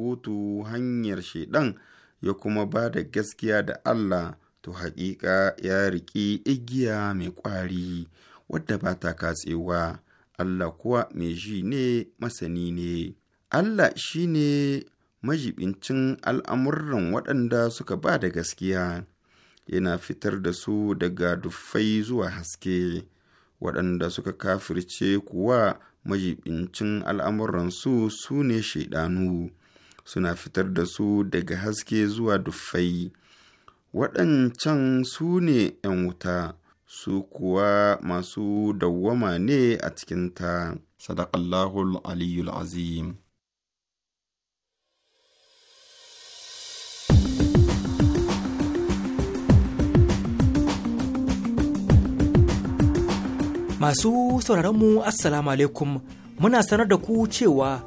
kotu hanyar shaidan ya kuma ba da gaskiya da Allah to haƙiƙa ya riƙi igiya mai ƙwari wadda ba ta katsewa Allah kuwa mai ji ne masani ne Allah shi ne majibincin al'amuran waɗanda suka ba da gaskiya yana fitar da su daga duffai zuwa haske waɗanda suka kafirce kuwa majibincin al'amuransu su ne shaidanu suna fitar da su daga haske zuwa duffai waɗancan su ne ‘yan wuta su kuwa masu dawwama ne a cikinta sadakallahul aliyul azim Masu sauraronmu Assalamu alaikum muna sanar da ku cewa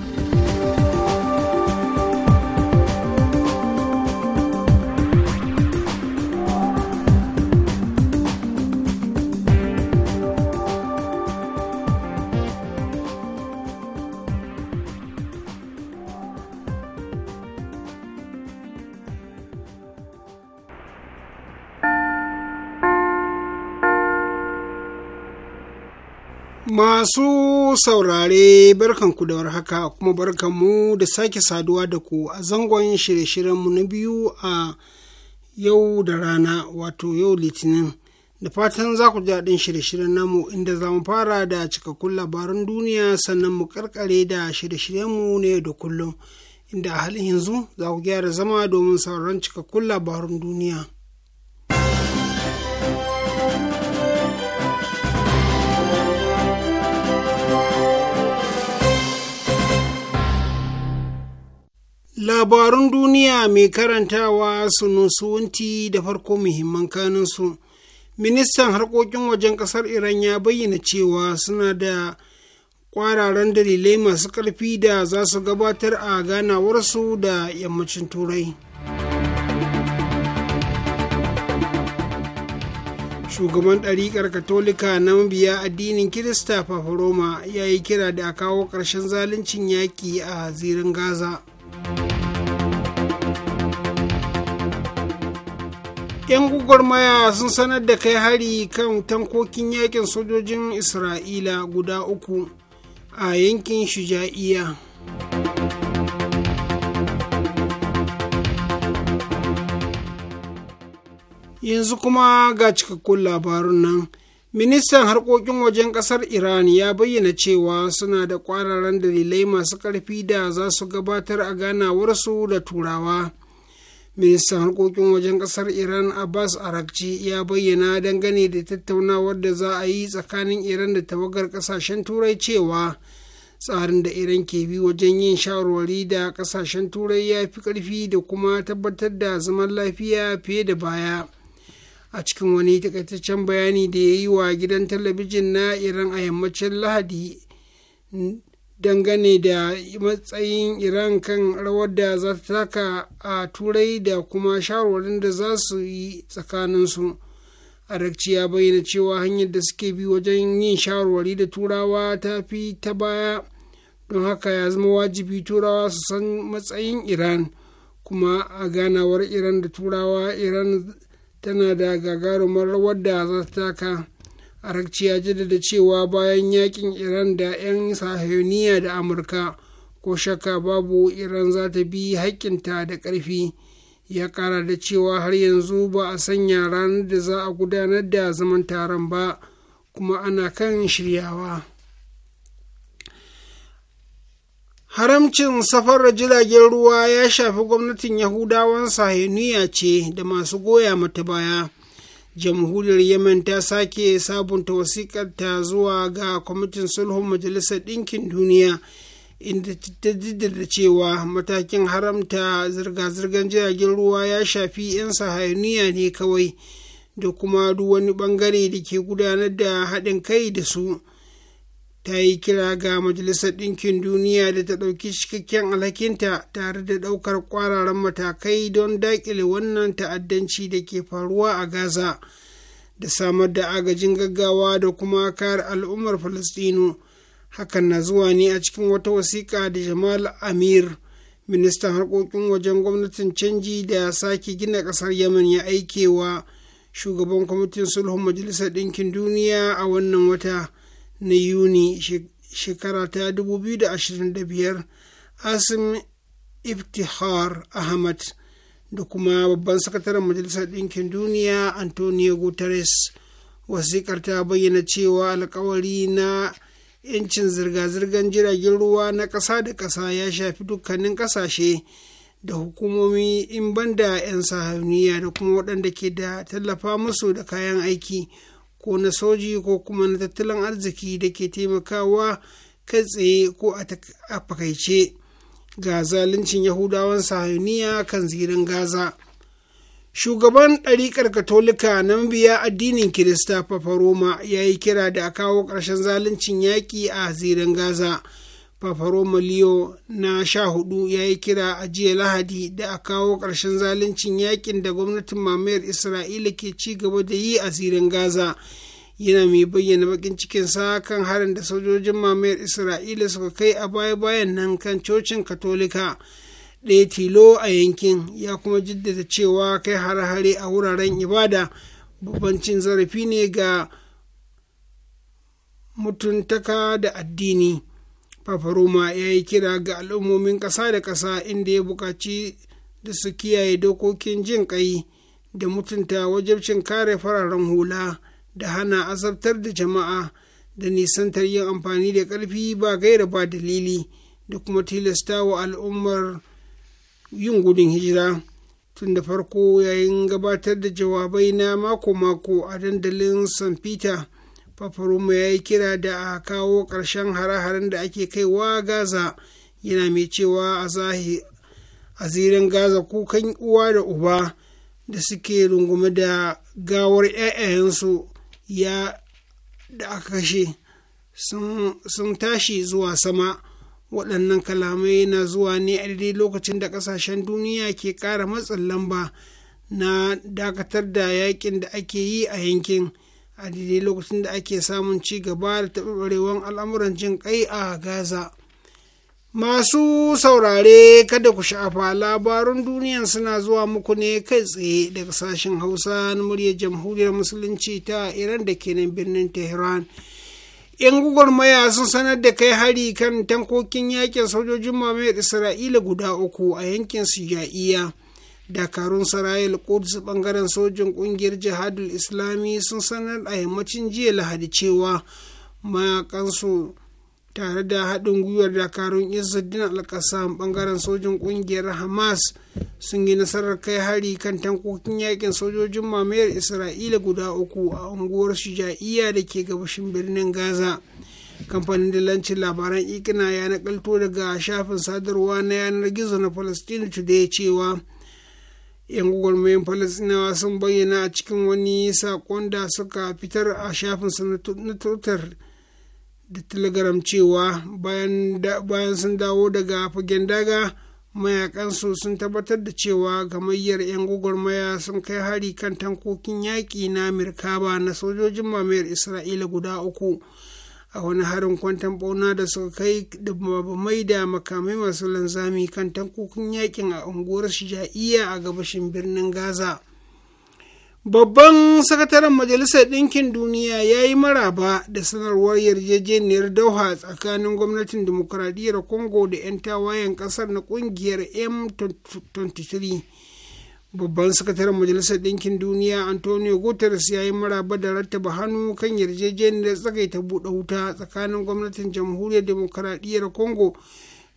Masu saurare barkanku da warhaka kuma barkanmu da sake saduwa da ku a zangon shirye-shiryenmu na biyu a yau da rana wato yau litinin da fatan za ku ji daɗin shirye-shiryen namu inda za mu fara da cikakkun labaran duniya sannan mu karkare da shirye-shiryenmu na yau da kullum inda a halin yanzu za ku gyara zama domin sauran cikakkun labaran duniya. Labarun duniya mai karantawa su sunusuwunti da farko muhimman kanunsu. Ministan harkokin wajen kasar Iran ya bayyana cewa suna da ƙwararan dalilai masu ƙarfi da za su gabatar a ganawarsu da yammacin turai. Shugaban ɗariƙar Katolika na mabiya addinin Kirista Papa Roma ya yi kira da a kawo ƙarshen zaluncin yaƙi a zirin Gaza. 'yan maya sun sanar da kai hari kan tankokin yakin sojojin isra'ila guda uku a yankin shija'iya yanzu kuma ga cikakkun labarun nan ministan harkokin wajen kasar iran ya bayyana cewa suna da kwararan dalilai masu ƙarfi da za su gabatar a ganawarsu da turawa ministan harkokin wajen ƙasar iran abbas arakci ya bayyana dangane da tattaunawar da za a yi tsakanin iran da tawagar ƙasashen turai cewa tsarin da iran ke bi wajen yin shawarwari da ƙasashen turai ya fi karfi da kuma tabbatar da zaman lafiya fiye da baya a cikin wani takaitaccen bayani da ya yi wa gidan talabijin na iran a yammacin lahadi dangane da matsayin iran kan rawar da za ta taka a turai da kuma shawarwarin da za su yi tsakaninsu arakci ya bayyana cewa hanyar da suke bi wajen yin shawarwari da turawa ta fi ta baya don haka ya zama wajibi turawa su san matsayin iran kuma a ganawar iran da turawa iran tana da gagarumar rawar da za ta taka arakci ya jaddada cewa bayan yakin iran da 'yan sahiyoniya da amurka ko shaka babu iran za ta bi haƙƙinta da ƙarfi ya kara da cewa har yanzu ba a sanya ranar da za a gudanar da zaman taron ba kuma ana kan shiryawa haramcin safarar jiragen ruwa ya shafi gwamnatin yahudawan sahiyoniya ce da masu goya mata baya jamhuriyar yemen ta sake sabunta wasiƙarta zuwa ga kwamitin sulhun majalisar ɗinkin duniya inda ta jaddada cewa matakin haramta zirga-zirgar jiragen ruwa ya shafi 'yan sahayuniya ne kawai da kuma duk wani bangare da ke gudanar da haɗin kai da su ta yi kira ga majalisar ɗinkin duniya da ta ɗauki cikakken alhakinta tare da ɗaukar ƙwararan matakai don daƙile wannan ta'addanci da ke faruwa a gaza da samar da agajin gaggawa da kuma kare al'ummar falastinu hakan na zuwa ne a cikin wata wasiƙa da jamal amir ministan harkokin wajen gwamnatin canji da sake gina ƙasar yaman ya aikewa shugaban kwamitin sulhun majalisar ɗinkin duniya a wannan wata. na yuni shekara ta 2025 asim iftihar ahmad da kuma babban sakataren majalisar ɗinkin duniya antonio guterres wasikar ta bayyana cewa alkawari na 'yancin zirga-zirgar jiragen ruwa na ƙasa da ƙasa ya shafi dukkanin ƙasashe da hukumomi in banda 'yan sahaniya da kuma waɗanda ke da tallafa musu da kayan aiki ko na soji ko kuma na tattalin arziki da ke taimakawa kai tsaye ko a fakaice ga zaluncin yahudawan sahuniya kan zirin gaza shugaban ɗariƙar katolika na mabiya addinin kirista papa roma ya yi kira da a kawo ƙarshen zaluncin yaƙi a zirin gaza Paparomoliyo na sha hudu ya yi kira a jiya Lahadi da a kawo ƙarshen zaluncin yakin da gwamnatin mamayar Isra'ila ke ci gaba da yi a zirin Gaza. Yana mai bayyana bakin cikinsa kan harin da sojojin mamayar Isra'ila suka kai a baya-bayan nan kan cocin Katolika. ɗaya tilo a yankin ya kuma jiddata cewa kai hare-hare a wuraren ibada babban cin zarafi ne ga mutuntaka da addini. Fafaroma ya yi kira ga al'ummomin ƙasa da ƙasa inda ya buƙaci da su kiyaye dokokin jin ƙai da mutunta wajabcin kare fararen hula da hana azabtar da jama'a da nisantar yin amfani da ƙarfi ba gaira ba dalili da kuma tilasta wa al'ummar yin gudun hijira tun da farko yayin gabatar da jawabai na mako-mako a dandalin st peter fafaromo ya yi kira da a kawo ƙarshen hare-haren da ake kaiwa gaza yana mai cewa a zirin gaza kukan uwa da uba da suke rungume da gawar 'ya'yansu ya da aka kashe sun tashi zuwa sama waɗannan kalamai na zuwa ne a daidai lokacin da ƙasashen duniya ke ƙara matsin lamba na dakatar da yakin da ake yi a yankin. a daidai lokacin da ake samun ci gaba da taɓarɓarewar al'amuran jin ƙai a gaza masu saurare kada ku sha'afa labarun duniyan suna zuwa muku ne kai tsaye daga sashen hausa na muryar jamhuriyar musulunci ta iran da ke nan birnin tehran 'yan maya sun sanar da kai hari kan tankokin yakin sojojin mamayar isra'ila guda uku a yankin iya. dakarun sarayil quds bangaren sojin kungiyar jihadul islami sun sanar a yammacin jiya lahadi cewa mayakansu tare da haɗin gwiwar dakarun izzuddin alkasam bangaren sojin kungiyar hamas sun yi nasarar kai hari kan tankokin yakin sojojin mamayar isra'ila guda uku a unguwar shuja'iyya da ke gabashin birnin gaza kamfanin dalancin labaran ikina ya nakalto daga shafin sadarwa na yanar gizo na palestine today cewa 'yan gwagwarmayin falasinawa sun bayyana a cikin wani saƙon da suka fitar a shafinsa na twitter da telegram cewa bayan sun dawo daga fagen daga mayakansu sun tabbatar da cewa gamayyar 'yan gwagwarmaya sun kai hari kan tankokin yaƙi na mirkaba na sojojin mamayar isra'ila guda uku a wani harin kwantan bauna da suka kai mai da makamai masu lanzami kan tankokin yakin a unguwar shija'iya a gabashin birnin gaza babban sakataren majalisar ɗinkin duniya ya yi maraba da sanarwar yarjejeniyar doha tsakanin gwamnatin demokuraɗiyyar congo da 'yan tawayen ƙasar na ƙungiyar m23 babban sakataren majalisar ɗinkin duniya antonio guterres ya yi maraba da rattaba hannu kan yarjejeniyar tsagaita buɗe wuta tsakanin gwamnatin jamhuriyar demokaradiyyar congo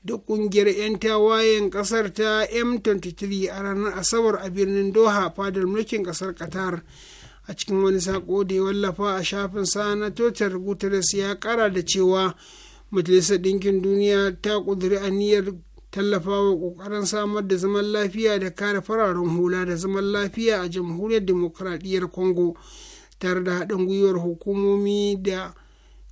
da ƙungiyar 'yan tawayen ƙasar ta m23 a ranar asabar a birnin doha fadar mulkin ƙasar qatar a cikin wani saƙo da ya wallafa a shafin sa na totar guterres ya ƙara da cewa majalisar ɗinkin duniya ta ƙudiri aniyar tallafawa kokarin samar da zaman lafiya da kare fararen hula da zaman lafiya a jamhuriyar demokradiyyar congo tare da haɗin gwiwar hukumomi da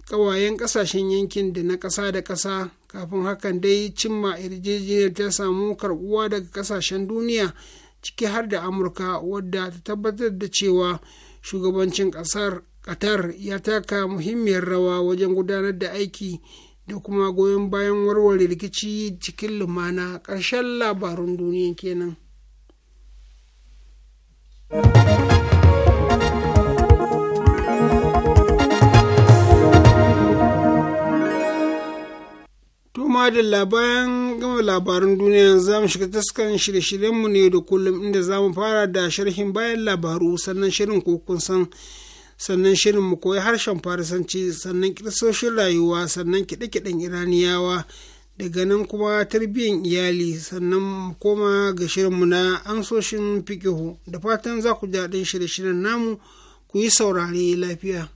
ƙawayen ƙasashen yankin da na ƙasa da ƙasa kafin hakan dai cimma yarjejeniyar ta samu karbuwa daga ƙasashen duniya ciki har da amurka wadda ta tabbatar da cewa shugabancin ƙasar qatar ya taka muhimmiyar rawa wajen gudanar da aiki da kuma goyon bayan warware rikici cikin lumana ƙarshen labarun duniya kenan. Tuma da bayan gama labarin duniya za mu shiga taskan shirye-shiryenmu ne da kullum inda za mu fara da sharhin bayan labaru sannan shirin ko kun san sannan shirin mu koyi harshen farisanci sannan kirsoshin rayuwa sannan kiɗe-kiɗen iraniyawa daga nan kuma tarbiyyar iyali sannan koma ga shirin mu na amsoshin fikihu da fatan za ku daɗin shirye-shiryen namu ku yi saurare lafiya.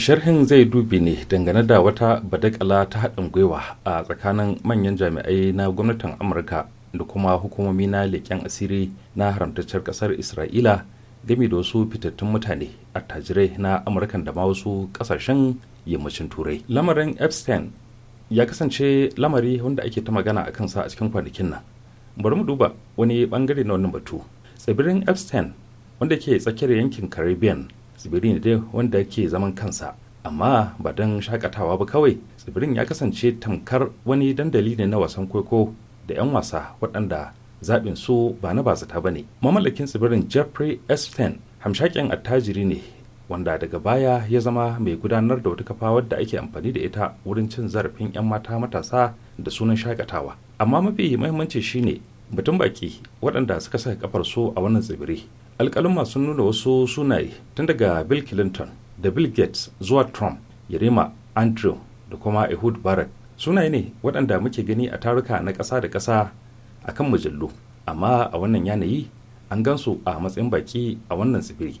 sharhin zai dubi ne dangane da wata badakala ta haɗin gwiwa a tsakanin manyan jami'ai na gwamnatin amurka da kuma hukumomi na leƙen asiri na haramtaccen ƙasar isra'ila game da wasu fitattun mutane attajirai na amurkan da ma wasu ƙasashen yammacin turai lamarin epstein ya kasance lamari wanda ake ta magana a kansa a cikin kwanakin nan bari mu duba wani bangare na wannan batu tsibirin epstein wanda ke tsakiyar yankin caribbean tsibiri ne dai wanda ke zaman kansa amma ba don shakatawa ba kawai tsibirin ya kasance tamkar wani dandali ne na wasan kwaikwayo da 'yan wasa waɗanda zaɓin su ba na zata ba ne mamallakin tsibirin jeffrey esten hamshakin attajiri ne wanda daga baya ya zama mai gudanar da wata kafa wadda ake amfani da ita wurin cin zarafin 'yan mata matasa da sunan shakatawa amma mafi mahimmanci shine batun baki waɗanda suka saka kafar su a wannan tsibiri alƙalin masu nuna wasu sunaye tun daga bill clinton da bill gates zuwa trump yarima andrew da kuma ehud barak sunaye ne waɗanda muke gani a taruka na ƙasa da ƙasa a kan mujallu amma a wannan yanayi an gansu a matsayin baki a wannan tsibiri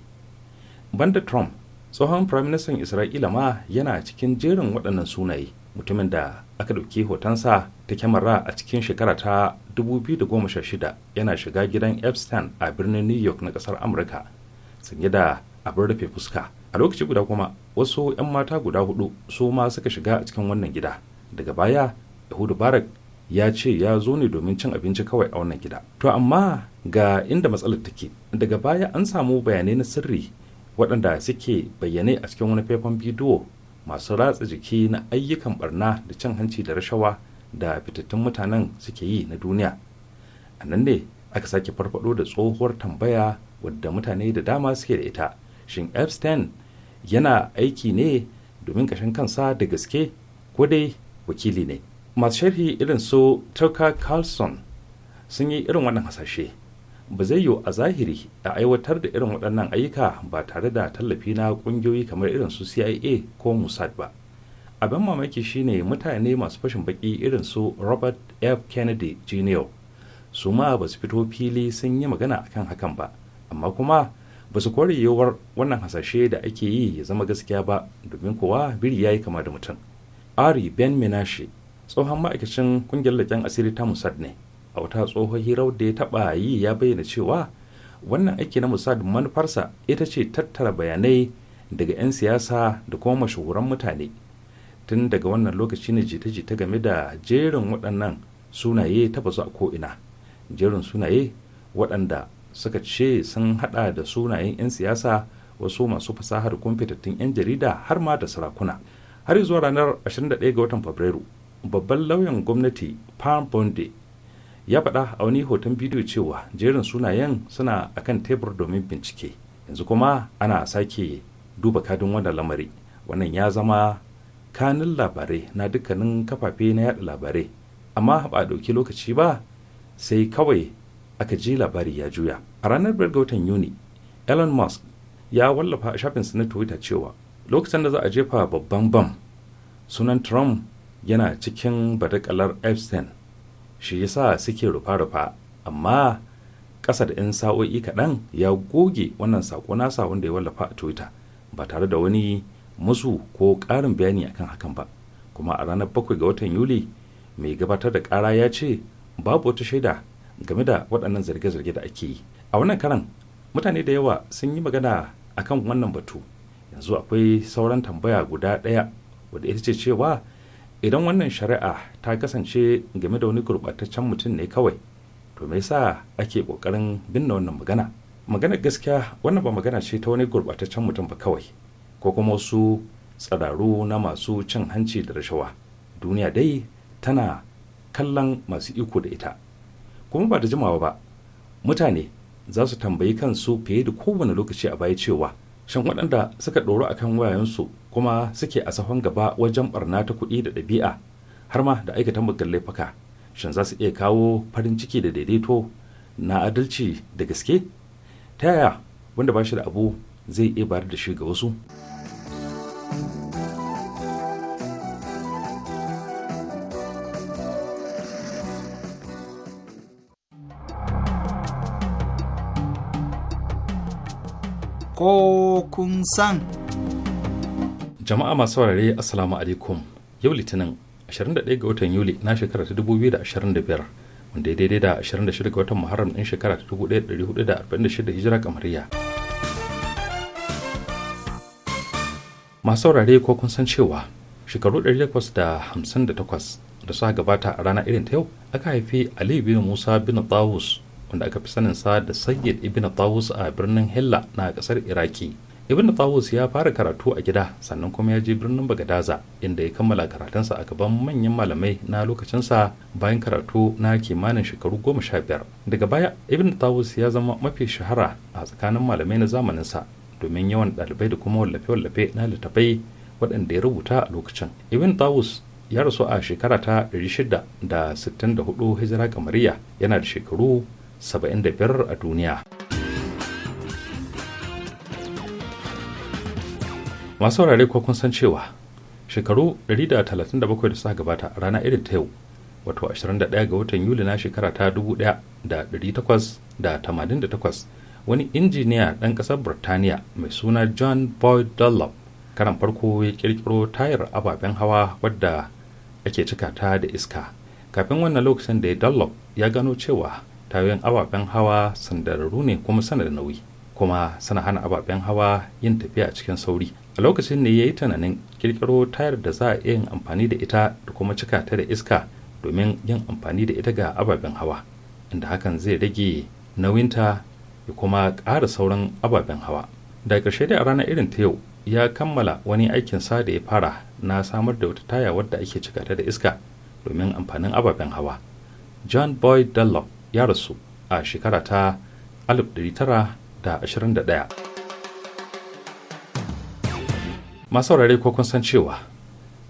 banda trump tsohon firaministan isra'ila ma yana cikin jerin waɗannan sunaye mutumin da aka ɗauki hotonsa ta kyamara a cikin shekara ta 2016 yana shiga gidan epstein a birnin new york na ƙasar amurka sanye da abin rufe fuska a lokaci guda kuma wasu 'yan mata guda hudu su ma suka shiga a cikin wannan gida daga baya yahudu barak ya ce ya zo ne domin cin abinci kawai a wannan gida to amma ga inda matsalar take daga baya an samu bayanai na sirri waɗanda suke bayyane a cikin wani faifan bidiyo masu ratsa jiki na ayyukan barna da cin hanci da rashawa da fitattun mutanen suke yi na duniya a nan ne aka sake farfado da tsohuwar tambaya wadda mutane da dama suke da ita shin epstein yana aiki ne domin kashin kansa da gaske ko dai wakili ne masu sharhi irin su turka carlson sun yi irin wannan hasashe ba zai yiwu a zahiri a aiwatar da irin waɗannan ayyuka ba tare da tallafi na ƙungiyoyi kamar irin su cia ko mossad ba abin mamaki shine mutane masu fashin baki irin su robert f kennedy jr su ma ba su fito fili sun yi magana akan hakan ba amma kuma ba su kori yiwuwar wannan hasashe da ake yi ya zama gaskiya ba domin kowa biri ya yi kama da mutum ari ben menashe tsohon ma'aikacin kungiyar leƙen asiri ta musad ne a wata tsohon hirar da ya taɓa yi ya bayyana cewa wannan aiki na musad manufarsa ita ce tattara bayanai daga 'yan siyasa da kuma mashahuran mutane tun daga wannan lokaci ne jita-jita game da jerin waɗannan sunaye ta a ko'ina jerin sunaye waɗanda suka ce sun haɗa da sunayen 'yan siyasa wasu masu fasahar kumfitattun 'yan jarida har ma da sarakuna har zuwa ranar 21 ga watan fabrairu babban lauyan gwamnati pam bonde ya faɗa a wani hoton bidiyo cewa jerin sunayen suna akan tebur domin bincike yanzu kuma ana sake duba kadin wannan lamari wannan ya zama kanin labarai na dukkanin kafafe na yada labarai amma ba a ɗauki lokaci ba sai kawai aka ji labari ya juya a ranar ga watan yuni elon musk ya wallafa a shafinsa na twitter cewa lokacin da za a jefa babban bam sunan trump yana cikin badakalar epstein shi yasa suke rufa-rufa amma ƙasa da 'yan sa'o'i kaɗan ya goge wannan saƙo nasa wanda ya wallafa a twitter ba tare da wani musu ko ƙarin bayani akan hakan ba kuma a ranar 7 ga watan yuli mai gabatar da ƙara ya ce babu wata shaida game da waɗannan zarge-zarge da ake yi a wannan karan mutane da yawa sun yi magana akan wannan batu yanzu akwai sauran tambaya guda ɗaya wadda ita ce cewa idan wannan shari'a ta kasance game da wani gurɓataccen mutum ne kawai to me yasa ake ƙoƙarin binne wannan magana magana gaskiya wannan ba magana ce ta wani gurɓataccen mutum ba kawai ko kuma wasu tsiraru na masu cin hanci da rashawa duniya dai tana kallon masu iko da ita kuma ba da jimawa ba mutane za su tambayi kansu fiye da kowane lokaci a baya cewa shin waɗanda suka ɗoro a kan wayayensu kuma suke a sahon gaba wajen ɓarna ta kuɗi da ɗabi'a har ma da aikata muggan laifuka shin za su iya kawo farin ciki da daidaito na adalci da gaske ta yaya wanda ba shi da abu zai iya bayar da shi ga wasu ko kun san. Jama'a masu saurare Assalamu alaikum yau Litinin 21 ga watan Yuli na shekara ta 2025 wanda ya daidai da 26 ga watan Muharram ɗin shekara ta 1446 hijira kamariya. Masu saurare ko kun san cewa shekaru 858 da suka gabata a rana irin ta yau aka haifi Ali bin Musa bin Tawus wanda aka fi sa da sayyid ibn tawus a birnin hilla na kasar iraki ibn tawus ya fara karatu a gida sannan kuma ya je birnin bagadaza inda ya kammala karatunsa a gaban manyan malamai na lokacinsa bayan karatu na kimanin shekaru goma sha biyar daga baya ibn tawus ya zama mafi shahara a tsakanin malamai na zamaninsa domin yawan ɗalibai da kuma wallafe-wallafe na littattafai waɗanda ya rubuta a lokacin ibn tawus ya rasu a shekara ta 664 hijira kamariya yana da shekaru 75 a duniya. masu saurare ko kun san cewa shekaru 137 da suka gabata a rana irin ta yau wato 21 ga watan yuli na shekara ta 1888 wani injiniya ɗan ƙasar burtaniya mai suna john boyd dunlop karan farko ya kirkiro tayar ababen hawa wadda ake cika ta da iska kafin wannan lokacin da ya dunlop ya gano cewa tayoyin ababen hawa sandararru ne kuma sana da nauyi kuma suna hana ababen hawa yin tafiya cikin sauri a lokacin ne ya yi tunanin kirkiro tayar da za a iya yin amfani da ita da kuma cika ta da iska domin yin amfani da ita ga ababen hawa inda hakan zai rage nauyinta ya kuma ƙara sauran ababen hawa da ƙarshe da a ranar irin ta yau ya kammala wani aikin sa da ya fara na samar da wata taya wadda ake cika ta da iska domin amfanin ababen hawa john boy dunlop ya rasu a shekara ta 1921 masu rarrai ko kun san cewa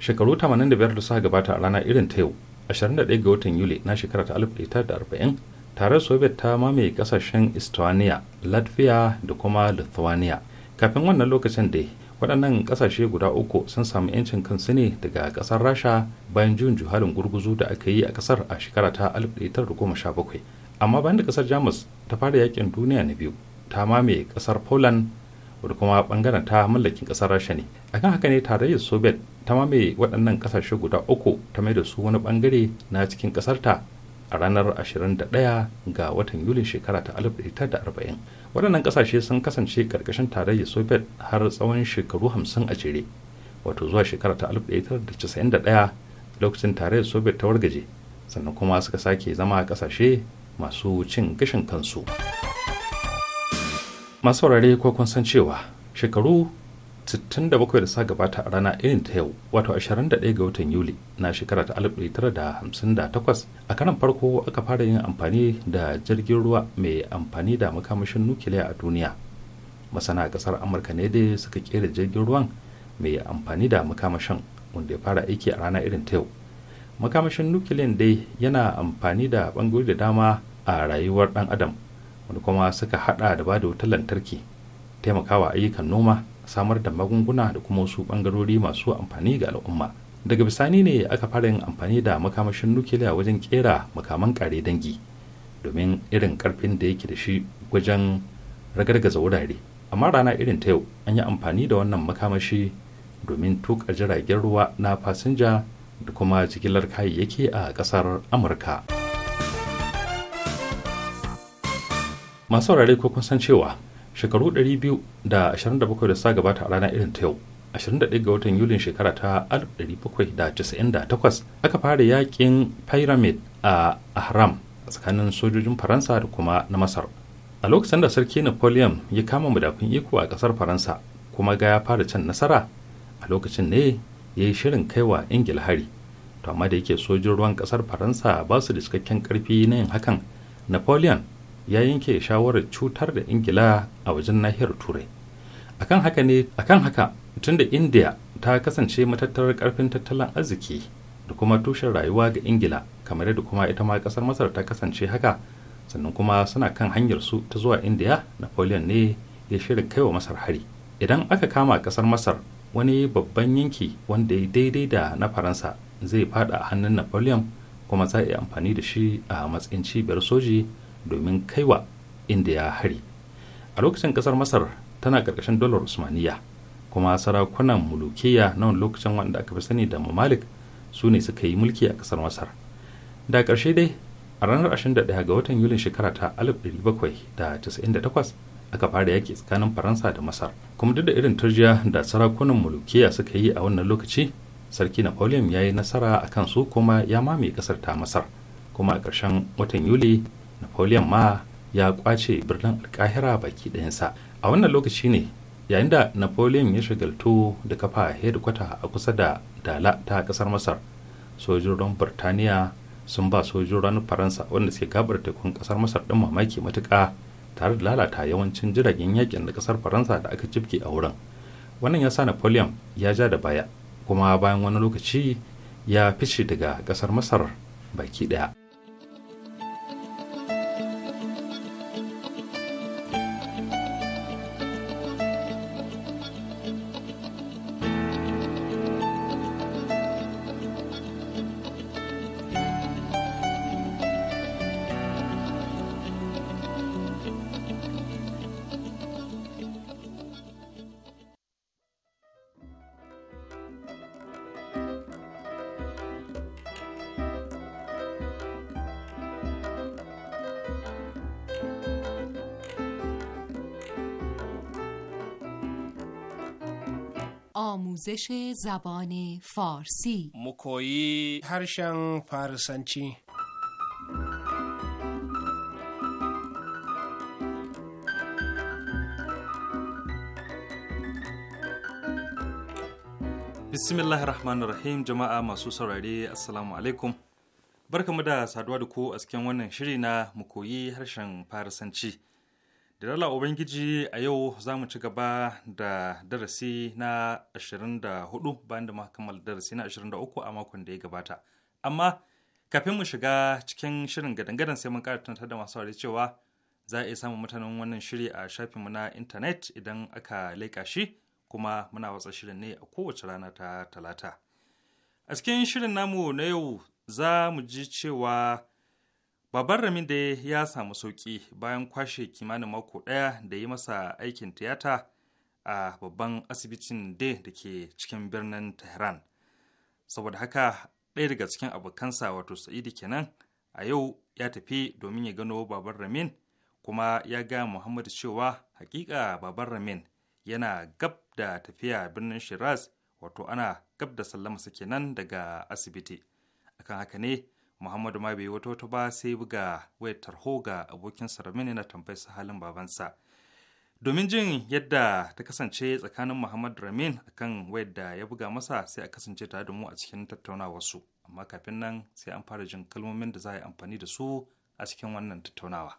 shekaru 85 da suka gabata a rana irin ta yau 21 ga watan yuli na shekara ta 1940 tare soviet ta mamaye kasashen estonia latvia da kuma lithuania kafin wannan lokacin dai waɗannan ƙasashe guda uku sun samu 'yancin kansu ne daga ƙasar rasha bayan jin juhalin gurguzu da aka yi a ƙasar a shekara ta 1917 amma bayan da ƙasar jamus ta fara yakin duniya na biyu ta mamaye ƙasar poland wadda kuma ɓangaren ta mallakin ƙasar rasha ne akan haka ne tarayyar soviet ta mamaye waɗannan ƙasashe guda uku ta mai da su wani ɓangare na cikin ƙasarta a ranar 21 ga watan yuli shekara ta 1940 waɗannan ƙasashe sun kasance ƙarƙashin tarayyar soviet har tsawon shekaru 50 a jere wato zuwa shekara ta 1991 lokacin tarayyar soviet ta wargaje sannan kuma suka sake zama ƙasashe masu cin gashin kansu masu saurare ko kun san cewa shekaru 67 da sa gabata a rana irin ta yau wato 21 ga watan yuli na shekara ta 1958 a karan farko aka fara yin amfani da jirgin ruwa mai amfani da makamashin nukiliya a duniya masana kasar amurka ne dai suka kera jirgin ruwan mai amfani da makamashin wanda ya fara aiki a rana irin ta yau makamashin nukiliyan dai yana amfani da bangare da dama a rayuwar dan adam wanda kuma suka hada da ba da wutar lantarki taimakawa ayyukan noma samar da magunguna da kuma wasu bangarori masu amfani ga al'umma daga bisani ne aka fara yin amfani da makamashin nukiliya wajen kera makaman kare dangi domin irin karfin da yake da shi wajen ragargaza wurare amma rana irin ta yau an yi amfani da wannan makamashi domin tuka jiragen ruwa na fasinja da kuma jigilar kayayyaki a kasar amurka masu ko kun san cewa shekaru 227 da sa gabata a rana irin ta yau 21 ga watan yulin shekara ta 1798 aka fara yakin pyramid a ahram tsakanin sojojin faransa da kuma na masar a lokacin da sarki napoleon ya kama madafin iko a kasar faransa kuma ga ya fara can nasara a lokacin ne ya yi shirin kaiwa ingila hari to amma da yake sojin ruwan kasar faransa ba su da cikakken karfi na yin hakan napoleon ya yanke shawarar cutar da ingila a wajen nahiyar turai akan haka ne akan haka tunda india ta kasance matattarar karfin tattalin arziki da kuma tushen rayuwa ga ingila kamar yadda kuma ita ma kasar masar ta kasance haka sannan kuma suna kan hanyar su ta zuwa india napoleon ne ya shirin kai wa masar hari idan aka kama kasar masar wani babban yanki wanda ya daidai da na faransa zai fada a hannun napoleon kuma za a yi amfani da shi a matsayin cibiyar soji domin kaiwa inda ya hari a lokacin kasar masar tana karkashin dolar usmaniya kuma sarakunan mulukiya na wani lokacin wanda aka fi sani da mamalik su ne suka yi mulki a kasar masar da ƙarshe dai a ranar 21 ga watan yulin shekara ta 1798 aka fara yaki tsakanin faransa da masar kuma duk da irin turjiya da sarakunan mulukiya suka yi a wannan lokaci sarki napoleon ya yi nasara a kansu kuma ya mame kasar ta masar kuma a ƙarshen watan yuli napoleon ma ya kwace birnin alkahira baki ɗayansa a wannan lokaci ne yayin da napoleon ya shagaltu da kafa hedikwata a kusa da dala ta ƙasar masar sojojin burtaniya sun ba sojojin faransa wanda suke gabar tekun ƙasar masar ɗin mamaki matuƙa tare da lalata yawancin jiragen yakin da ƙasar faransa da aka cifke a wurin wannan ya sa napoleon ya ja da baya kuma bayan wani lokaci ya fice daga ƙasar masar baki ɗaya آموزش زبان فارسی مکویی هرشن فارسنچی bismillahir rahmanir rahim jama'a masu saurare assalamu alaikum barkamu da saduwa da ku a cikin wannan shiri na mu koyi harshen farisanci da dala ubangiji a yau za mu ci gaba da darasi na 24 bayan da muka kammala darasi na 23 a makon da ya gabata amma kafin mu shiga cikin shirin gadangadan sai mun kara tantar da masu aure cewa za a iya samun mutanen wannan shiri a shafinmu na intanet idan aka laika shi kuma muna watsa shirin ne a kowace rana ta talata a cikin shirin namu na yau za mu ji cewa Baban Ramin da ya samu sauki bayan kwashe kimanin mako ɗaya da yi masa aikin tiyata a babban asibitin da da ke cikin birnin Tehran. Saboda haka ɗaya daga cikin abokansa wato Sa'idu kenan a yau ya tafi domin ya gano Baban Ramin kuma ya ga Muhammad cewa hakika Baban Ramin yana gab da tafiya birnin Shiraz wato ana gab da sallama kenan daga asibiti. Akan haka ne muhammadu ma bai wata wata ba sai buga wayar tarho ga abokin saramini na tambayar su halin babansa domin jin yadda ta kasance tsakanin muhammad ramin akan wayar da ya buga masa sai a kasance tare da mu a cikin tattaunawarsu amma kafin nan sai an fara jin kalmomin da za a yi amfani da su a cikin wannan tattaunawa.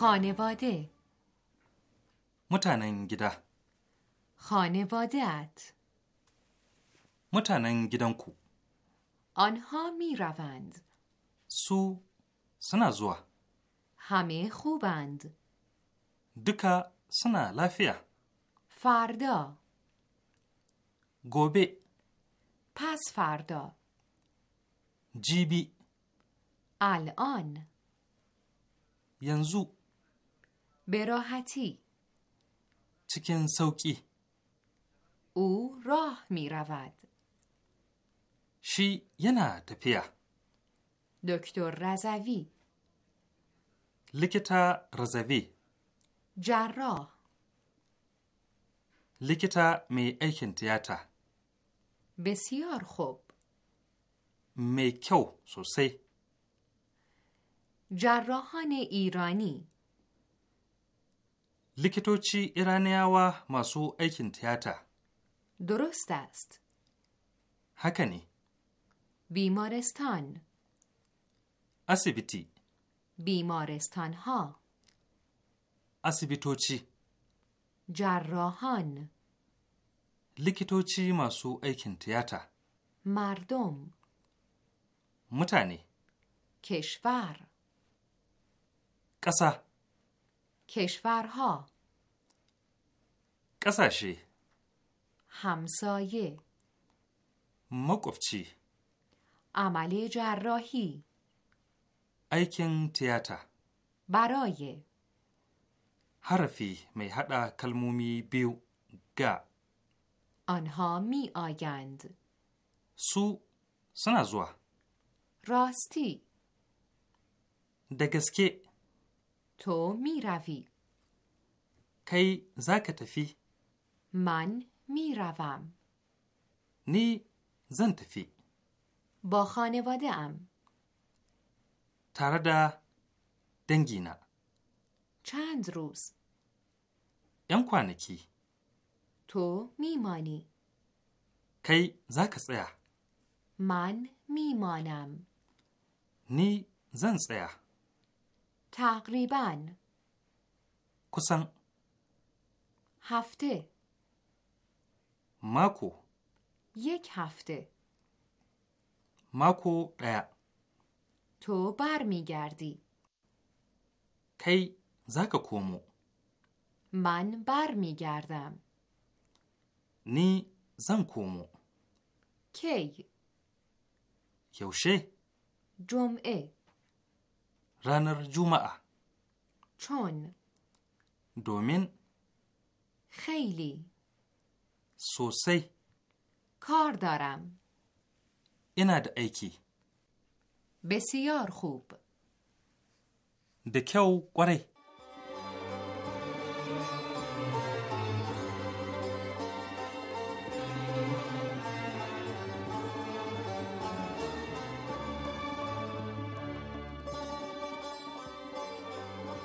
خانواده متنن گیده ات متنن گیدن کو آنها می روند سو سنا زوا همه خوبند دکا سنا لافیا فردا گوبه پس فردا جیبی الان ینزو براحتی چیکن سوکی او راه می رود شی ینا تپیا دکتر رزوی لکتا رزوی جراح لکتا می ایکن تیاتا بسیار خوب می کو سوسی جراحان ایرانی لیکتوچی ایرانیاوا ماسو ایکن تیاتا درست است هکنی بیمارستان اسیبیتی بیمارستان ها اسیبیتوچی جراحان لیکتوچی ماسو ایکن تیاتا مردم متنی کشور قصه کشورها قساشی همسایه مقفچی عمل جراحی ایکن تیاتا برای حرفی می حدا کلمومی بیو گا آنها می آیند سو سنازوا راستی دگسکی تو می روی کی زکت تفی من می روم نی زن تفی با خانواده ام تردا دنگینا چند روز یم کوانکی تو میمانی کی زاک تسیا من میمانم نی زن تقریبا کسان هفته ماکو یک هفته ماکو دیا تو برمیگردی کی زک کومو من برمیگردم نی زن کومو کی یوشه جمعه رانر جمعه چون دومین خیلی سوسی کار دارم اینا ایکی بسیار خوب دکو قره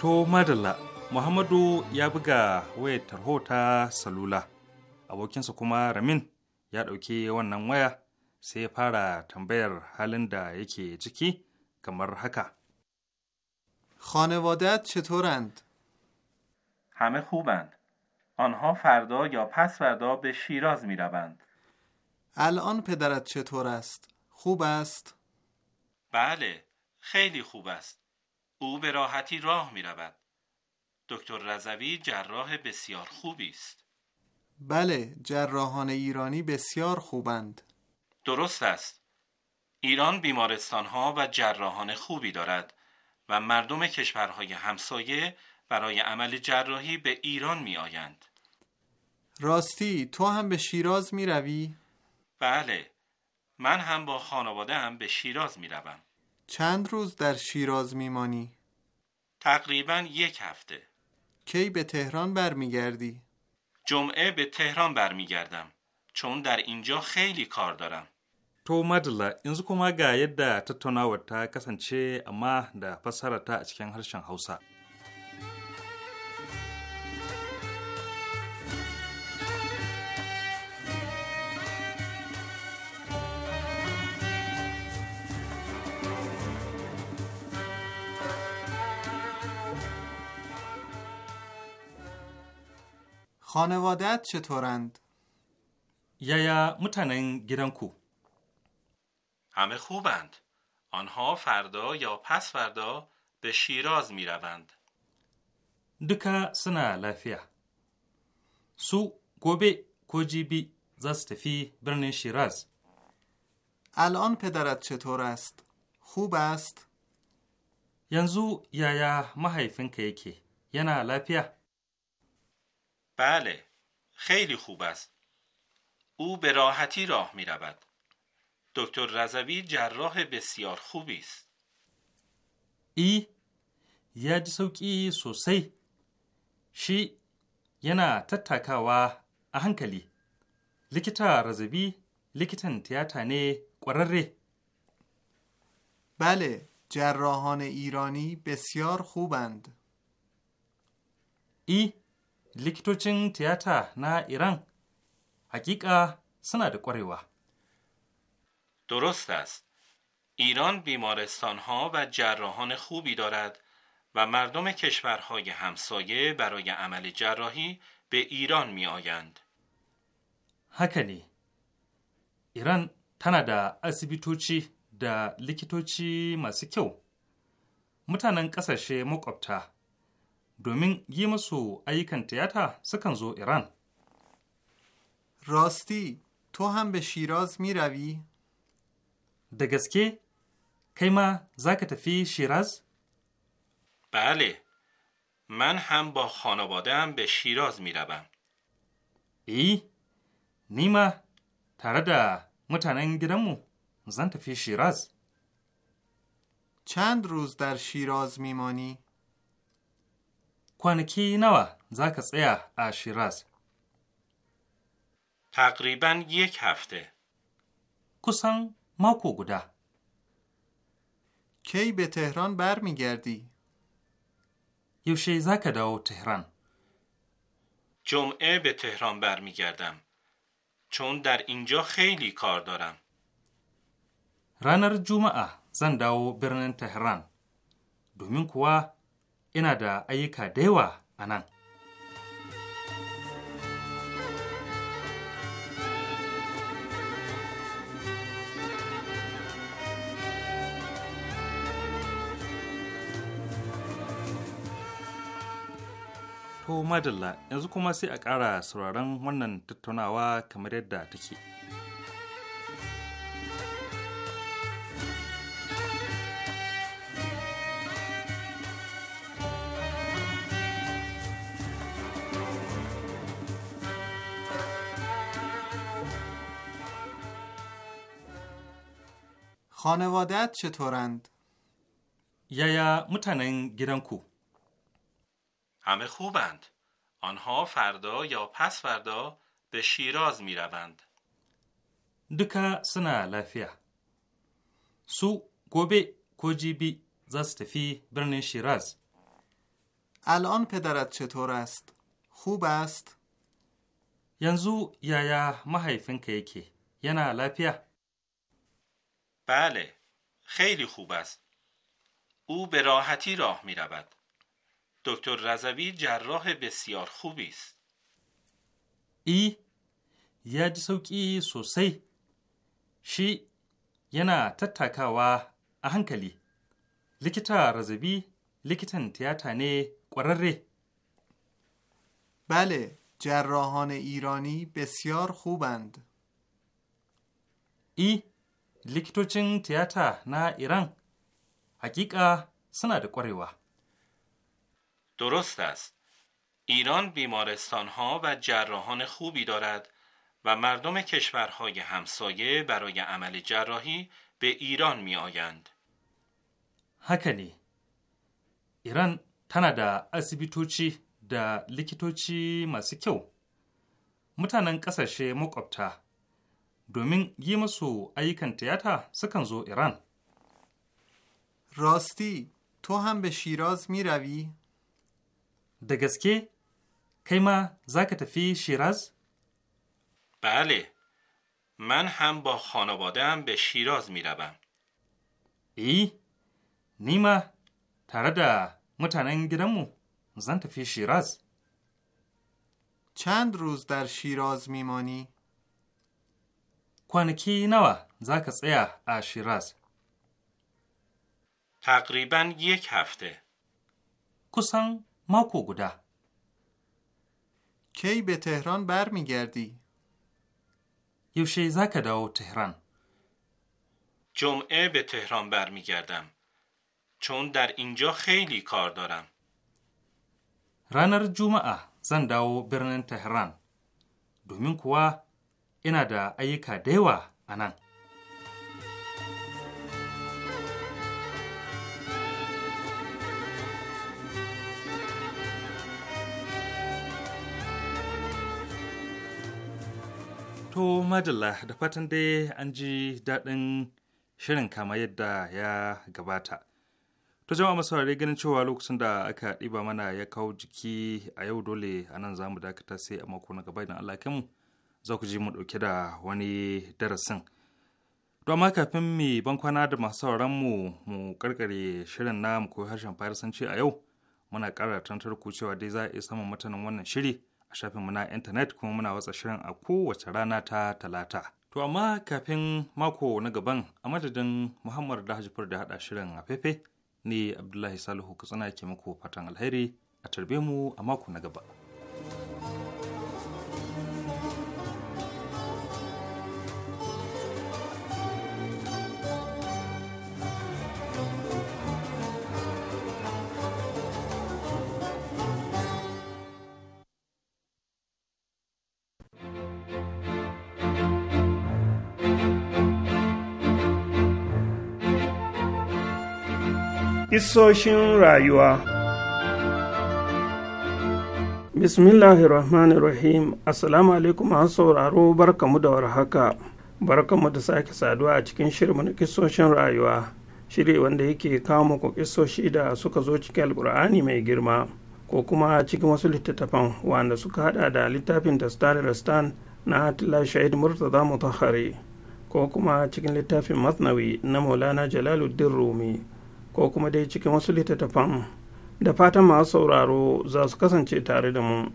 To madalla, Muhammadu ya buga wayar tarho ta salula, abokinsa kuma Ramin ya ɗauki wannan waya sai ya fara tambayar halin da yake ciki kamar haka. خانوادت چطورند؟ همه خوبند. آنها فردا یا پس فردا به شیراز می روند. الان پدرت چطور است؟ خوب است؟ بله، خیلی خوب است. او به راحتی راه می رود. دکتر رزوی جراح بسیار خوبی است. بله، جراحان ایرانی بسیار خوبند. درست است. ایران بیمارستانها و جراحان خوبی دارد و مردم کشورهای همسایه برای عمل جراحی به ایران می آیند. راستی تو هم به شیراز می روی؟ بله من هم با خانواده هم به شیراز می روم. چند روز در شیراز میمانی؟ تقریبا یک هفته کی به تهران برمیگردی؟ جمعه به تهران برمیگردم چون در اینجا خیلی کار دارم تو مدلا اینزو کما گاید ت تتوناوتا کسان چه اما در fassararta اچکن هرشان خانوادت چطورند؟ یایا متنن کو همه خوبند آنها فردا یا پس فردا به شیراز می روند دکا سنا لافیه سو گوبه کوجیبی زستفی برن شیراز الان پدرت چطور است؟ خوب است؟ ینزو یایا محیفن که یکی ینا لافیه بله خیلی خوب است او به راحتی راه می رود دکتر رضوی جراح بسیار خوبی است ای یا ji sauƙi شی ینا نه tattakawa a hankali likita razabi likitan بله جراحان ایرانی بسیار خوبند ای likitocin tiyata na ایران حقیقا suna da درست است. ایران بیمارستان ها و جراحان خوبی دارد و مردم کشورهای همسایه برای عمل جراحی به ایران می آیند. هکنی ایران تنا دا اسیبیتوچی دا لیکیتوچی ماسیکیو متانن قسashe makwabta domin yi ای ayyukan تیاتا sukan زو ایران. راستی تو هم به شیراز می روی؟ دگسکه کیما زکت فی شیراز؟ بله من هم با خانواده هم به شیراز می روم. ای نیما تردا متنن و زن فی شیراز چند روز در شیراز میمانی؟ کانکی نوا زاک تسیا ا تقریبا یک هفته کوسان ماکو گودا کی به تهران برمیگردی یوشی زاک داو تهران جمعه به تهران برمیگردم چون در اینجا خیلی کار دارم رانر جمعه زنداو داو برنن تهران دومین کوه ina da ayyuka da yawa a nan. To madalla yanzu kuma sai a ƙara sauraron wannan tattaunawa kamar yadda take. خانوادت چطورند؟ یا یا متنن کو همه خوبند آنها فردا یا پس فردا به شیراز می روند دکا سنا لافیه سو گوبه کوجیبی زستفی برن شیراز الان پدرت چطور است؟ خوب است؟ ینزو یا محیفن که یکی ینا لافیه بله خیلی خوب است او به راحتی راه می رود دکتر رضوی جراح بسیار خوبی است ای یا ji sauƙi شی ینا yana tattakawa a hankali likita razabi likitan بله جراحان ایرانی بسیار خوبند ای likitocin tiyata na ایران حقیقا suna da درست است. ایران بیمارستان ها و جراحان خوبی دارد و مردم کشورهای همسایه برای عمل جراحی به ایران می آیند. هکنی ایران در da اسیبیتوچی در لیکیتوچی masu kyau mutanen ƙasashe domin yi ای ayyukan tiyata sukan zo ایران. راستی تو هم به شیراز می روی؟ دگسکه کیما زکت فی شیراز؟ بله من هم با خانواده هم به شیراز می روم. ای نیما تردا متنن گرمو زن فی شیراز چند روز در شیراز میمانی؟ کانکی نوا زاک تسیا ا تقریبا یک هفته کوسان ماکو گودا کی به تهران برمیگردی یوشی زاک داو تهران جمعه به تهران برمیگردم چون در اینجا خیلی کار دارم رانر جمعه زن داو برنن تهران دومین کوه ina da ayyuka da yawa a nan. To madalla da fatan dai an ji daɗin shirin kama yadda ya gabata. To jama'a masu saurare ganin cewa lokacin da aka ɗiba mana ya kawo jiki a yau dole a nan za mu dakata sai a mako na gaba idan Allah mu za ku ji mu ɗauke da wani darasin. To amma kafin mu ban kwana da masu sauran mu mu karkare shirin na mu koyi harshen Farisanci a yau muna ƙara tantar ku cewa dai za a iya samun mutanen wannan shiri a shafin mu na intanet kuma muna watsa shirin a kowace rana ta talata. To amma kafin mako na gaban a madadin Muhammad Dahajifur da haɗa shirin a fefe ne Abdullahi Salihu Katsina ke muku fatan alheri a tarbe mu a mako na gaba. thank you Isoshin rayuwa Bismillahir Rahmanir Rahim Assalamu alaikum an sauraro barkamu da warhaka barkamu da sake saduwa a cikin shirinmu na kisoshin rayuwa shiri wanda yake kawo muku kisoshi da suka zo cikin alkur'ani mai girma ko kuma cikin wasu littattafan wanda suka hada da littafin da stan na atila shahid murtaza mutahari ko kuma cikin littafin masnawi na maulana jalaluddin rumi ko kuma dai cikin wasu littattafan da fatan masu sauraro za su kasance tare da mu.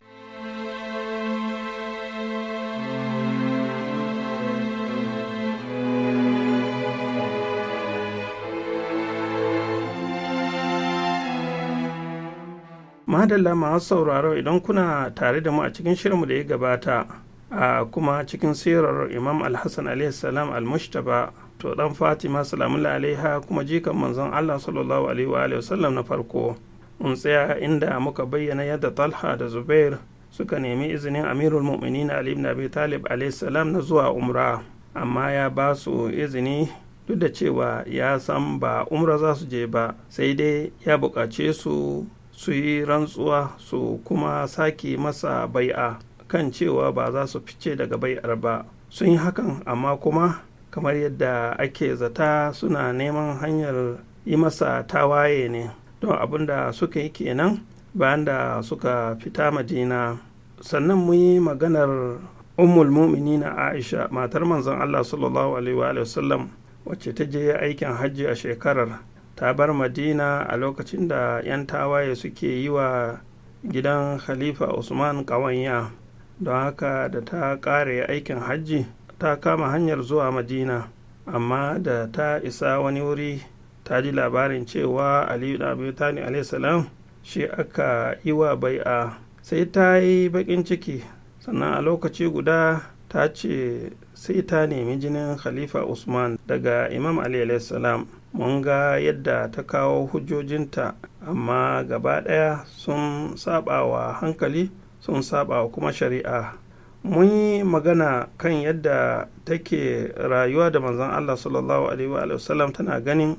madalla masu sauraro idan kuna tare da mu a cikin shirinmu da ya gabata a kuma cikin sirar imam alhassan salam al-mushtaba to dan fatima salamun alaiha kuma jikan manzon allah sallallahu alaihi wa sallam na farko mun tsaya inda muka bayyana yadda talha da zubair suka nemi izinin amirul mu'minin ali ibn abi talib alaihi salam na zuwa umra amma ya ba su izini duk da cewa ya san ba umra za su je ba sai dai ya buƙace su su yi rantsuwa su kuma sake masa bai'a kan cewa ba za su fice daga bai'ar ba sun yi hakan amma kuma kamar yadda ake zata suna neman hanyar yi masa tawaye ne don abin da suka yi kenan bayan da suka fita madina sannan mu yi maganar ummul mu'minina aisha matar manzon allah sallallahu alaihi wa sallam wacce ta je aikin hajji a shekarar ta bar madina a lokacin da 'yan tawaye suke yi wa gidan khalifa usman ƙawanya don haka da ta kare aikin hajji ta kama hanyar zuwa madina amma da ta isa wani wuri ta ji labarin cewa aliyu da abu talib salam shi aka yi wa bai'a sai ta yi baƙin ciki sannan a lokaci guda ta ce sai ta nemi jinin khalifa usman daga imam ali salam mun ga yadda ta kawo hujjojinta amma gaba ɗaya sun saɓawa hankali sun saɓawa kuma shari'a mun yi magana kan yadda take rayuwa da manzon Allah sallallahu alaihi wasallam tana ganin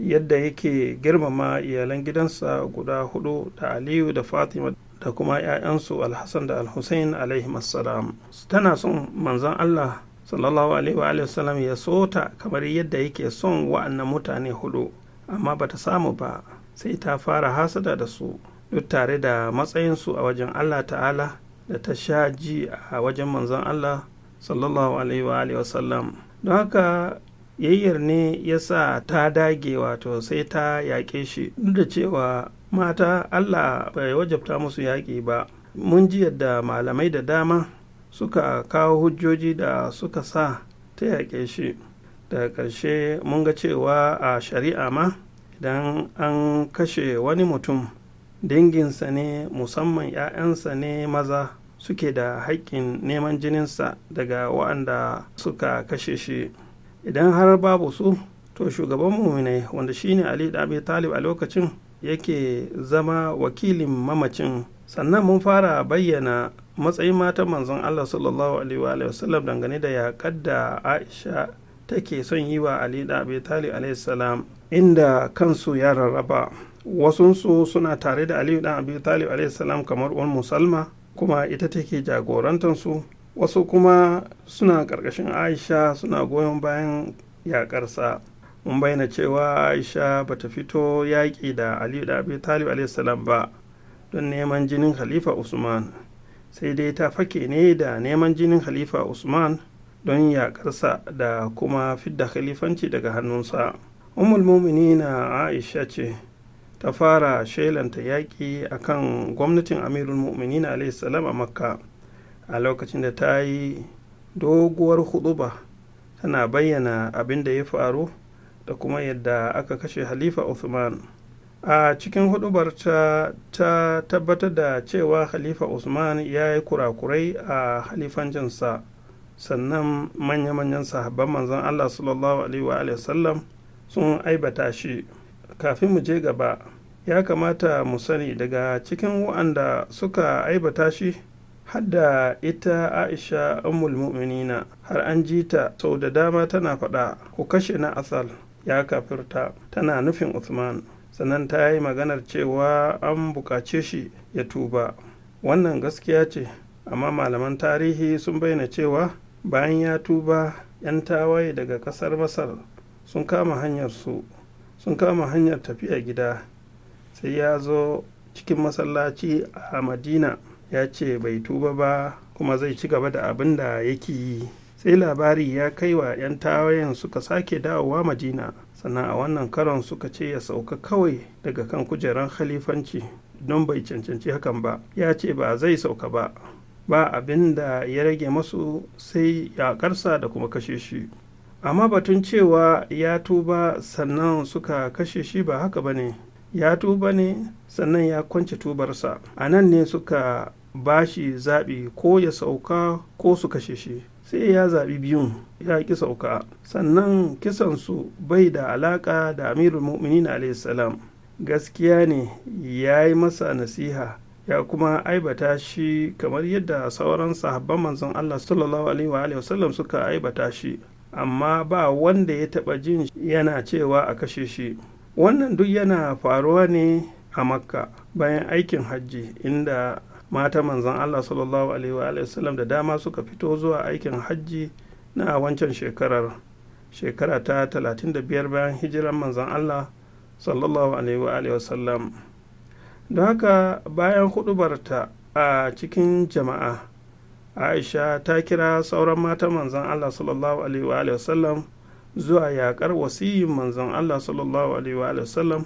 yadda yake girmama iyalan gidansa guda hudu da aliyu da fatima da kuma 'ya'yansu alhassan da alhussein alaihimassalam tana son manzon allah sallallahu alaihi wasallam ya sota kamar yadda yake son wa'annan mutane hudu amma ba ta samu ba sai ta fara hasada da su duk tare da matsayinsu a wajen allah ta'ala da ta sha ji a wajen manzon Allah sallallahu alaihi wasallam don haka yayyar ne ya sa ta dage wato sai ta yaƙe shi duk da cewa mata Allah bai wajabta musu yaƙi ba mun ji yadda malamai da dama suka kawo hujjoji da suka sa ta yaƙe shi daga ƙarshe mun ga cewa a shari'a ma idan an kashe wani mutum danginsa ne musamman 'ya'yansa ne maza suke da haƙƙin neman jininsa daga waɗanda suka kashe shi idan har babu su to shugaban ne wanda shine ali abi talib a lokacin yake zama wakilin mamacin sannan mun fara bayyana matsayin matan manzon allah sallallahu alaihi wasallam dangane da yaƙar da aisha take son yi wa ali abi talib alaihi salam inda kansu ya rarraba wasunsu suna tare da aliyu dan abi talib kamar uwan musalma kuma ita take jagorantansu wasu kuma suna ƙarƙashin aisha suna goyon bayan yaƙarsa mun bayyana cewa aisha ba ta fito yaƙi da aliyu da abi talib ba don neman jinin halifa usman sai dai ta fake ne da neman jinin halifa usman don yaƙarsa da kuma fidda khalifanci daga hannunsa umul na aisha ce ta fara shelanta yaƙi a kan gwamnatin amirul mu'minin salam a makka a lokacin da ta yi doguwar huduba tana bayyana abin da ya faru da kuma yadda aka kashe halifa usman a cikin hudubar ta ta tabbatar da cewa halifa usman ya yi kurakurai a halifancinsa sannan manya-manyan sahabban manzon allah sallallahu alaihi wa sallam sun aibata shi kafin mu je gaba ya kamata mu sani daga cikin wa'anda suka aibata shi hadda ita aisha ummul mu'minina har an ji ta sau da dama tana faɗa ku kashe na asal ya kafirta tana nufin usman sannan ta yi maganar cewa an buƙace shi ya tuba wannan gaskiya ce amma malaman tarihi sun bayyana cewa bayan ya tuba 'yan tawaye daga ƙasar masar sun kama hanyar su sun kama hanyar tafiya gida sai ya zo cikin masallaci a madina ya ce bai tuba ba kuma zai ci gaba da abin da yake yi sai labari ya kai wa 'yan tawayen suka sake dawowa madina sannan a wannan karon suka ce ya sauka kawai daga kan kujeran khalifanci don bai cancanci hakan ba ya ce ba zai sauka ba ba abin da ya rage masu sai ya karsa da kuma kashe shi amma batun cewa ya tuba sannan suka kashe shi ba haka ba ne ya tuba ne sannan ya kwance tubarsa a nan ne suka ba shi zaɓi ko ya sauka ko su kashe shi sai ya zaɓi biyun ya ƙi sauka sannan kisansu bai da alaƙa da amirul mu'minin salam gaskiya ne ya yi masa nasiha ya kuma aibata shi kamar yadda sauran sahabban manzon Allah sallallahu alaihi wa sallam suka aibata shi amma ba wanda ya taɓa jin yana cewa a kashe shi wannan duk yana faruwa ne a makka bayan aikin hajji inda mata manzan allah sallallahu alaihi da dama suka fito zuwa aikin hajji na wancan shekarar shekara ta 35 bayan hijiran manzan allah sallallahu alaihi wasallam don haka bayan hudubarta a cikin jama'a aisha ta kira sauran matan manzon allah sallallahu alaihi wasallam zuwa yakar wasiyin manzon allah sallallahu alaihi wasallam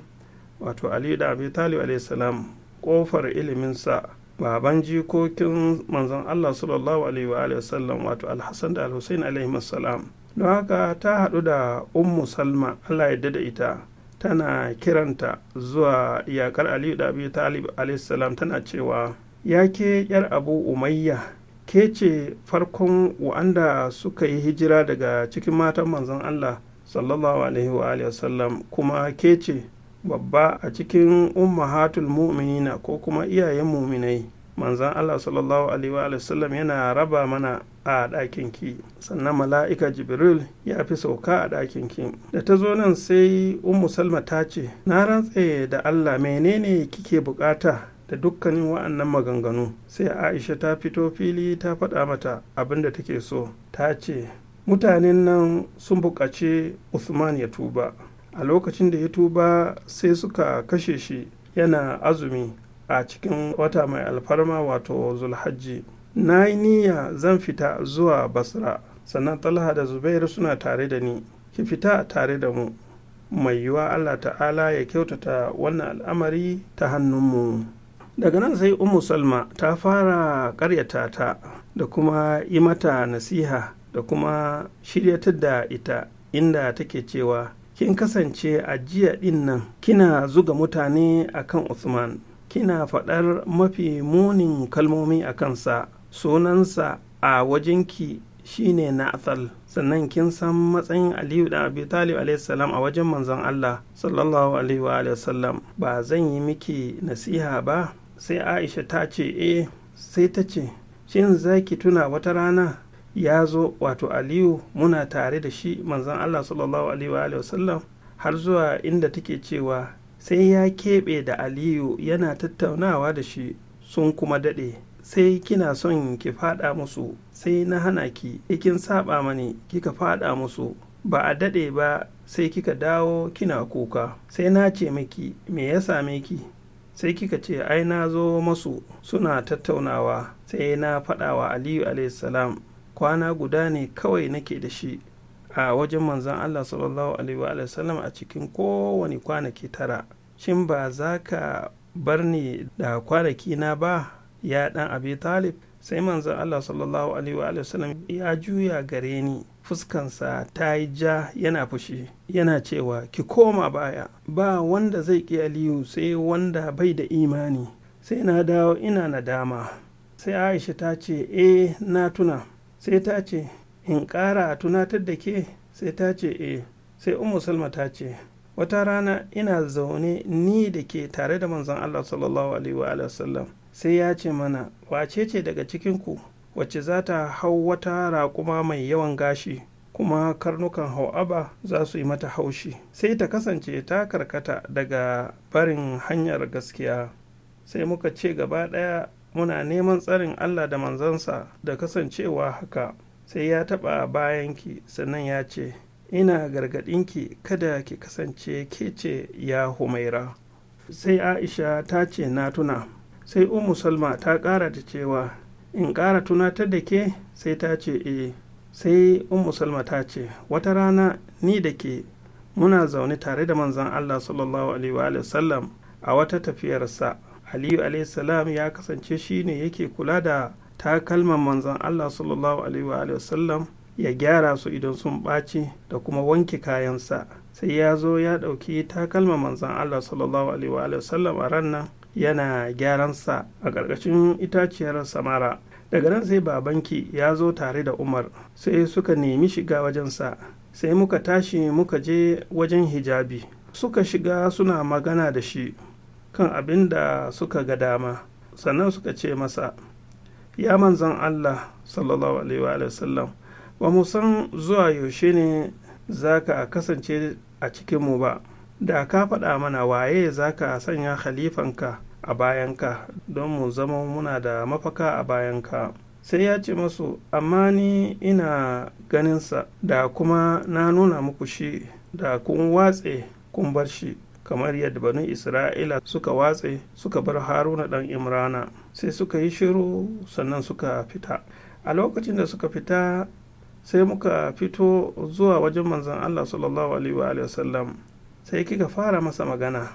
wato ali da abi talib alaihi salam kofar iliminsa baban jikokin manzon allah sallallahu alaihi wasallam wato alhassan da alhussein alaihi salam don haka ta haɗu da ummu salma allah yadda da ita tana kiranta zuwa yaƙar ali da abi talib alaihi salam tana cewa ya ke yar abu umayya ke ce farkon wa'anda suka yi hijira daga cikin matan manzon Allah sallallahu alaihi wa sallam kuma ke ce babba a cikin ummahatul mu'minina ko kuma iyayen muminai Manzon Allah sallallahu alaihi wa sallam yana raba mana a ɗakin ki sannan mala'ika jibril ya fi sauka a ɗakin ki da ta zo nan sai ummu salma ta ce na rantse da Allah menene kike bukata da dukkanin wa'annan maganganu sai aisha ta fito fili ta faɗa mata abin da take so ta ce mutanen nan sun buƙaci usman ya tuba a lokacin da ya tuba sai suka kashe shi yana azumi a cikin wata mai alfarma wato zulhajji na yi niyya zan fita zuwa basra sannan talha da zubair suna tare da ni ki fita tare da mu mai yiwuwa allah ta'ala ya kyautata wannan al'amari ta hannunmu daga nan sai umu salma ta fara karyata ta da kuma yi mata nasiha da kuma shiryatar da ita inda take cewa kin kasance a jiya din nan kina zuga mutane akan usman kina faɗar mafi munin kalmomi a kansa sunansa a wajenki shine na asal sannan kin san matsayin aliyu da abi talib a wajen manzon allah sallallahu alaihi wa sallam ba zan yi miki nasiha ba sai aisha ta ce eh sai ta ce shin zaki tuna wata rana ya zo wato aliyu muna tare da shi manzan allah sallallahu alaihi wasallam har zuwa inda take cewa sai ya keɓe da aliyu yana tattaunawa da shi sun kuma daɗe sai kina son ki faɗa musu sai na hana ki kin saba mani kika faɗa musu ba a daɗe ba sai kika dawo kina kuka sai na ce miki me ya same ki sai kika ce ai na zo masu suna tattaunawa sai na faɗawa aliyu salam kwana guda ne kawai nake da shi a wajen manzan allah sallallahu alaihi wa a cikin kowane kwanaki tara shin ba za ka bar ni da kwanaki na ba ya ɗan abi talib sai manzon allah sallallahu alaihi wa sallam ya juya gare ni fuskansa ta yi ja yana fushi yana cewa ki koma baya ba wanda zai ki aliyu sai wanda bai da imani sai na dawo ina nadama sai aisha ta ce e na tuna sai ta ce in kara a tunatar da ke sai ta ce e sai umu salma ta ce wata rana ina zaune ni da ke tare da manzon allah sallallahu alaihi wa sallam sai ya ce mana wace ce daga cikinku wacce za ta hau wata raƙuma mai yawan gashi kuma karnukan hau'aba za su yi mata haushi sai ta kasance ta karkata daga barin hanyar gaskiya sai muka ce gaba ɗaya muna neman tsarin allah da manzansa da kasancewa haka sai ya taɓa bayanki sannan ya ce ina gargaɗinki kada ki kasance ke ce ya humaira sai aisha ta ce na tuna sai umu salma ta ƙara da cewa in ƙara tunatar da ke sai ta ce e sai umu salma ta ce wata rana ni da ke muna zaune tare da manzan allah sallallahu alaihi wa a wata tafiyarsa aliyu alaihi salam ya kasance shi ne yake kula da takalman manzan allah sallallahu alaihi wa ya gyara su idan sun ɓaci da kuma wanke kayansa sai ya zo ya ɗauki takalman manzan allah sallallahu alaihi wa a ran nan yana gyaran sa a ƙarƙashin itaciyar samara daga nan sai babanki ya zo tare da umar sai suka nemi shiga wajensa sai muka tashi muka je wajen hijabi suka shiga suna magana da shi kan abin da suka ga dama sannan suka ce masa ya manzan allah sallallahu alaihi wa sallam ba mu san zuwa yaushe ne za ka kasance a cikinmu ba da ka faɗa mana waye za ka sanya khalifanka a bayanka don mu zama muna da mafaka a bayanka sai ya ce masu amma ni ina ganinsa da kuma na nuna muku shi da kun watse kun bar shi kamar yadda banu isra'ila suka watse suka bar haruna dan imrana sai suka yi shiru sannan suka fita a lokacin da suka fita sai muka fito zuwa wajen manzan allah sallallahu alaihi wa sai kika fara masa magana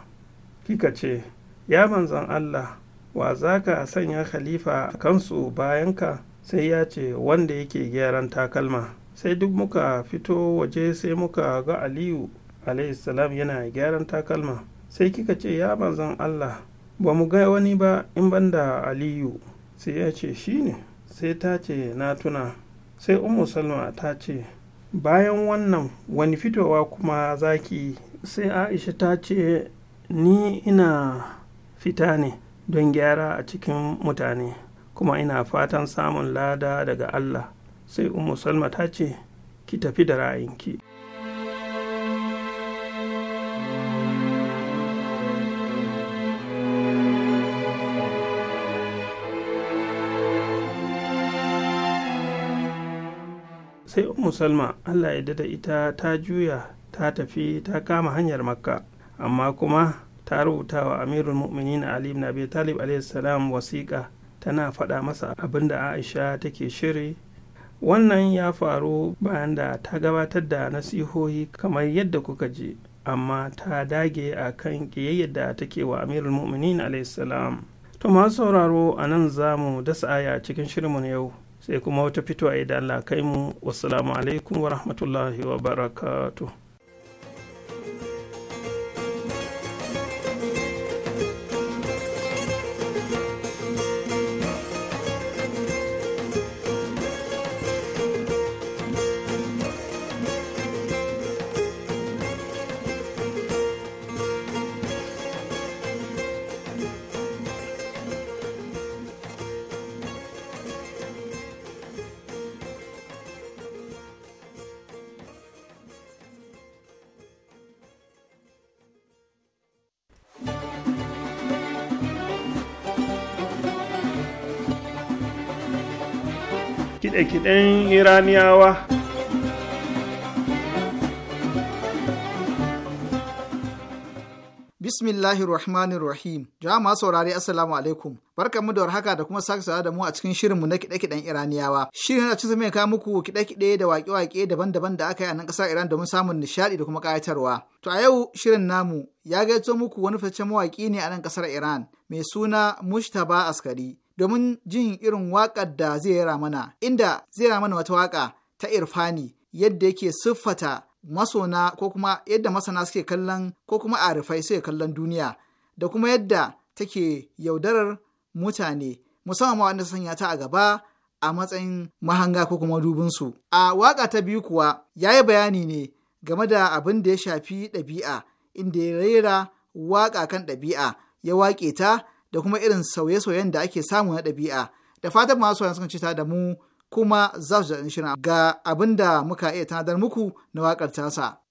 kika ce ya manzan allah wa za ka sanya khalifa a kansu bayanka sai ya ce wanda yake gyaran takalma sai duk muka fito waje sai muka ga aliyu salam yana gyaran takalma sai kika ce ya manzan allah ba mu ga wani ba in banda aliyu sai ya ce shi ne sai ta ce na tuna sai umu salma ta ce bayan wannan wani fitowa kuma zaki sai aisha ta ce ni ina fita ne don gyara a cikin mutane kuma ina fatan samun lada daga Allah sai ummu salma ta ce ki tafi da ra'ayinki sai ummu salma Allah ya da ita ta juya ta tafi ta kama hanyar makka amma kuma ta rubuta wa amirul mu'minin ali ibn abi talib salam wasiƙa tana faɗa masa abin da aisha take shiri wannan ya faru bayan da ta gabatar da nasihohi kamar yadda kuka ji amma ta dage a kan ƙiyayyar da take wa amirul mu'minin salam to masu sauraro a nan za mu dasa aya cikin shirinmu na yau sai kuma wata fito a idan Allah kai mu wassalamu alaikum wa rahmatullahi wa barakatuh kiɗe iraniyawa bismillahi Rahmanir Rahim. Jama'a saurari Assalamu alaikum. Barkanmu da warhaka da kuma sake da mu a cikin shirinmu na kiɗe-kiɗen Iraniyawa. Shirin a cikin mai kawo muku kiɗe-kiɗe da waƙe-waƙe daban-daban da aka yi a nan ƙasar Iran domin samun nishaɗi da kuma ƙayatarwa. To a yau shirin namu ya gaito muku wani fitaccen mawaƙi ne a nan ƙasar Iran mai suna Mushtaba Askari. domin jin irin waƙar da zai yara mana inda zai yara mana wata waƙa ta irfani yadda yake siffata masona ko kuma yadda masana suke kallon ko kuma arifai suke kallon duniya da kuma yadda take yaudarar mutane musamman ma wanda sanya ta a gaba a matsayin mahanga ko kuma dubinsu. A waƙa ta biyu kuwa ya yi bayani ne game da abin da ya shafi ɗabi'a inda ya rera waƙa kan ɗabi'a ya waƙe ta da kuma irin sauye-sauyen da ake samu na ɗabi'a da fatan masu sauran sukan cita da mu kuma za su ga abinda muka iya tanadar muku na waƙar tasa.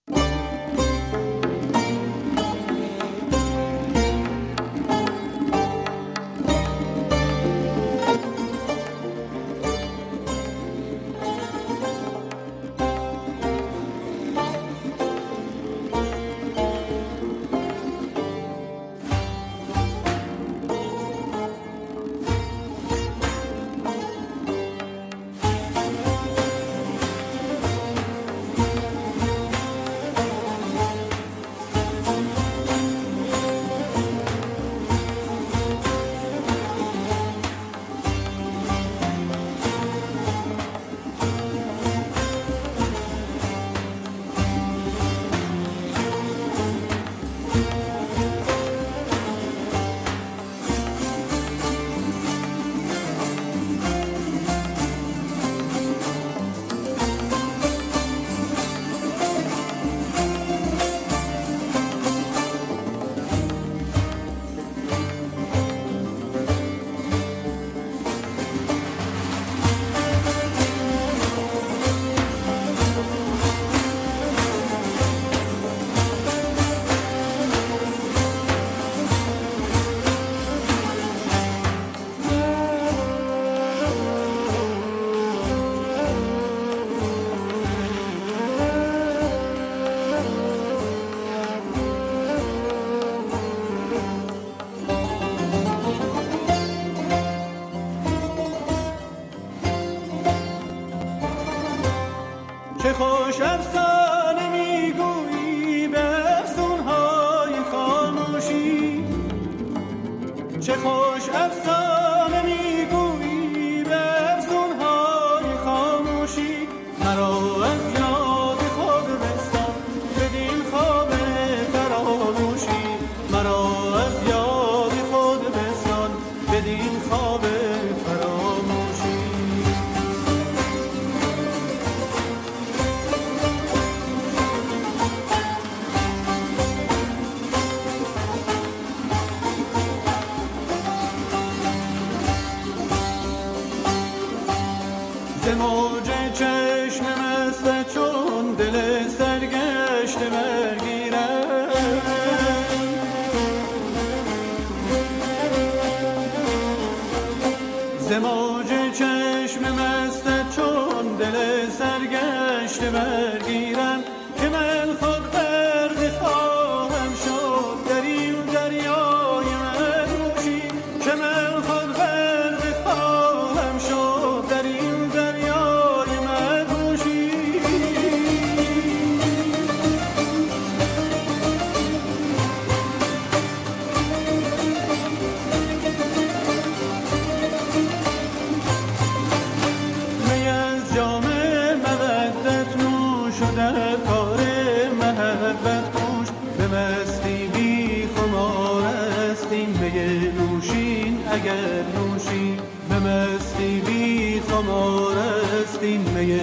ما رفتیم می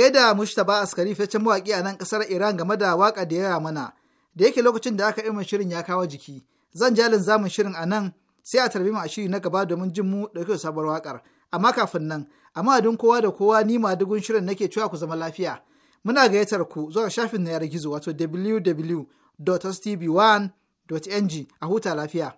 gaida Mustapha Askari fitaccen mawaƙi a nan ƙasar Iran game da waka da yaya mana, da yake lokacin da aka irin shirin ya kawo jiki. Zan jalin zamun shirin a nan sai a tarbi mu a shiri na gaba domin jin mu ɗauke sabuwar wakar Amma kafin nan, amma don kowa da kowa ni ma dugun shirin nake cewa ku zama lafiya. Muna gayyatar ku zuwa shafin na yar gizo wato www.stb1.ng a huta lafiya.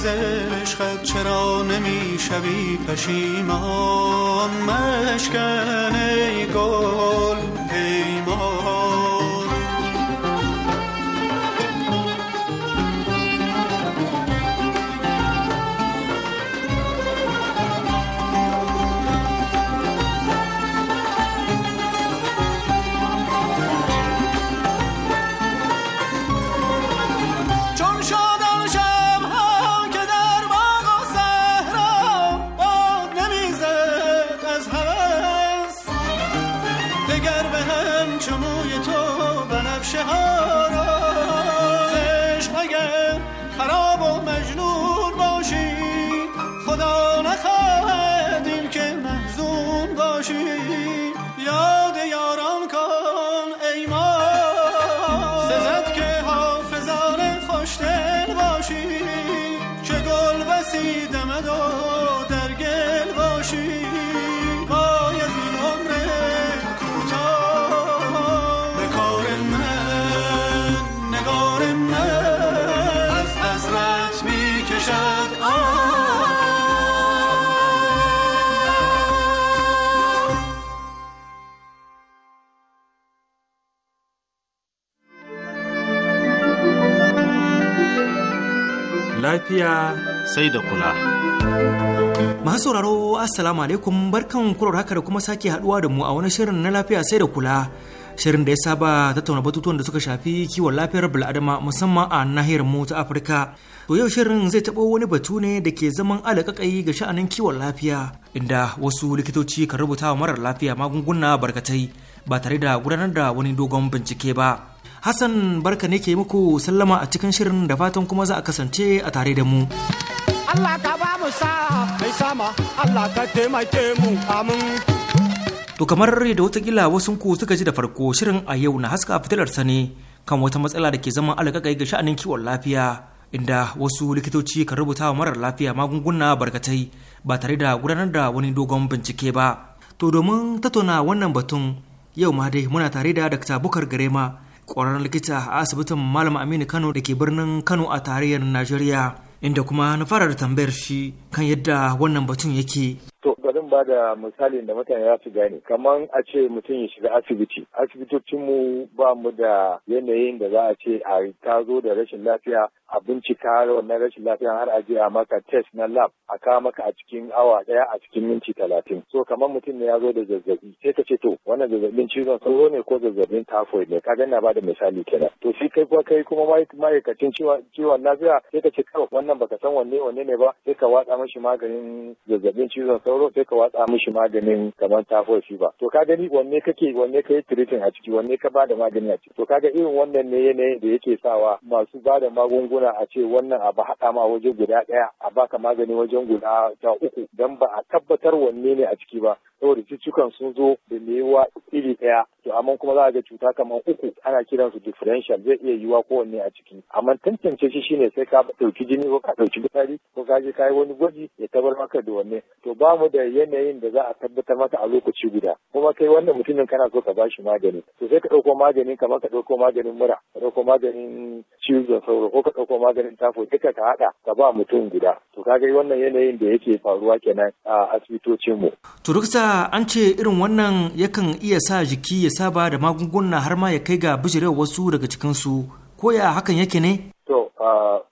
از عشقت چرا نمیشوی پشیمان مشکل lafiya sai da kula. Masu sauraro Assalamu alaikum barkan kurar haka da kuma sake haduwa da mu a wani shirin na lafiya sai da kula. Shirin da ya saba tattauna batutuwan da suka shafi kiwon lafiyar bil'adama musamman a nahiyar mu ta Afirka. To yau shirin zai taɓo wani batu ne da ke zaman alaƙaƙai ga sha'anin kiwon lafiya inda wasu likitoci kan rubuta wa marar lafiya magunguna barkatai ba tare da gudanar da wani dogon bincike ba. Hassan barka ne ke muku sallama a cikin shirin da fatan kuma za a kasance a tare da mu. Allah ka ba mu mai sama Allah ka taimake mu amin. To kamar da watakila wasu ku suka ji da farko shirin a yau na haska fitilar sani kan wata matsala da ke zama alaƙaƙai ga sha'anin kiwon lafiya inda wasu likitoci kan rubuta wa marar lafiya magunguna barkatai ba tare da gudanar da wani dogon bincike ba. To domin tattauna wannan batun yau ma dai muna tare da Dr. Bukar Garema ƙwararren likita a asibitin malam aminu kano da ke birnin kano a tarayyar najeriya inda kuma na fara da tambayar shi kan yadda wannan batun yake. To bari ba da misalin da mutane za su gane Kaman a ce mutum ya shiga asibiti asibitocinmu ba mu da yanayin da za a ce a ta zo da rashin lafiya a bincika wannan rashin lafiya har a je a maka test na lab a kawo maka a cikin awa daya a cikin minti talatin so kamar mutum ne ya zo da zazzabi sai ka ce to wannan zazzabin cizon sauro ne ko zazzabin typhoid ne ka ganna ba da misali kenan to shi kai kuma kai kuma ma'aikacin ciwon lafiya sai ka ce kawai wannan baka san wanne wanne ne ba sai ka watsa mishi maganin zazzabin cizon sauro sai ka watsa mashi maganin kamar typhoid ba. to ka gani wanne kake wanne ka yi treating a ciki wanne ka ba da magani a ciki to ka ga irin wannan ne yanayin da yake sawa masu ba da magunguna a ce wannan abu haɗa ma wajen guda ɗaya a baka magani wajen guda ta uku dan ba a tabbatar wanne ne a ciki ba saboda cikin sun zo da mewa iri ɗaya to amma kuma za a ga cuta kamar uku ana kiran su differential zai iya yiwa kowanne a ciki amma tantance shi shine sai ka dauki jini ko ka ɗauki fitsari ko ka je ka wani gwaji ya tabar maka da wanne to ba mu da yanayin da za a tabbatar maka a lokaci guda kuma kai wannan mutumin kana so ka bashi magani to sai ka ɗauko maganin kamar ka ɗauko maganin mura ka ɗauko maganin cizon sauro ko ka ɗauko maganin tafo duka ka haɗa ka ba mutum guda to ka ga wannan yanayin da yake faruwa kenan a asibitocin mu. to an ce irin wannan yakan iya sa jiki ya saba da magunguna har ma ya kai ga bijirewa wasu daga cikinsu ko ya hakan yake ne? To, ah,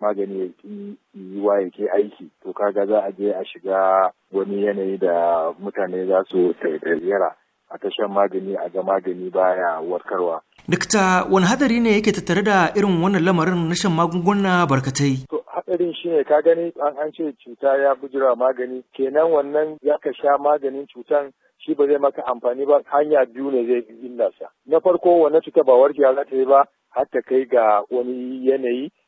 magani ya ki yiwa ya ke aiki to kaga za a je a shiga wani yanayi da mutane za su tsayyara a ta shan magani a ga magani baya warkarwa. Dikta wani hadari ne yake tattare da irin wannan lamarin na shan magunguna barkatai? hadarin shi ne ka gani an an ce cuta ya bujira magani kenan wannan ya ka sha maganin cutan shi ba zai maka amfani ba hanya biyu ne zai illa sa na farko wannan cuta ba warke za ta ba har ta kai ga wani yanayi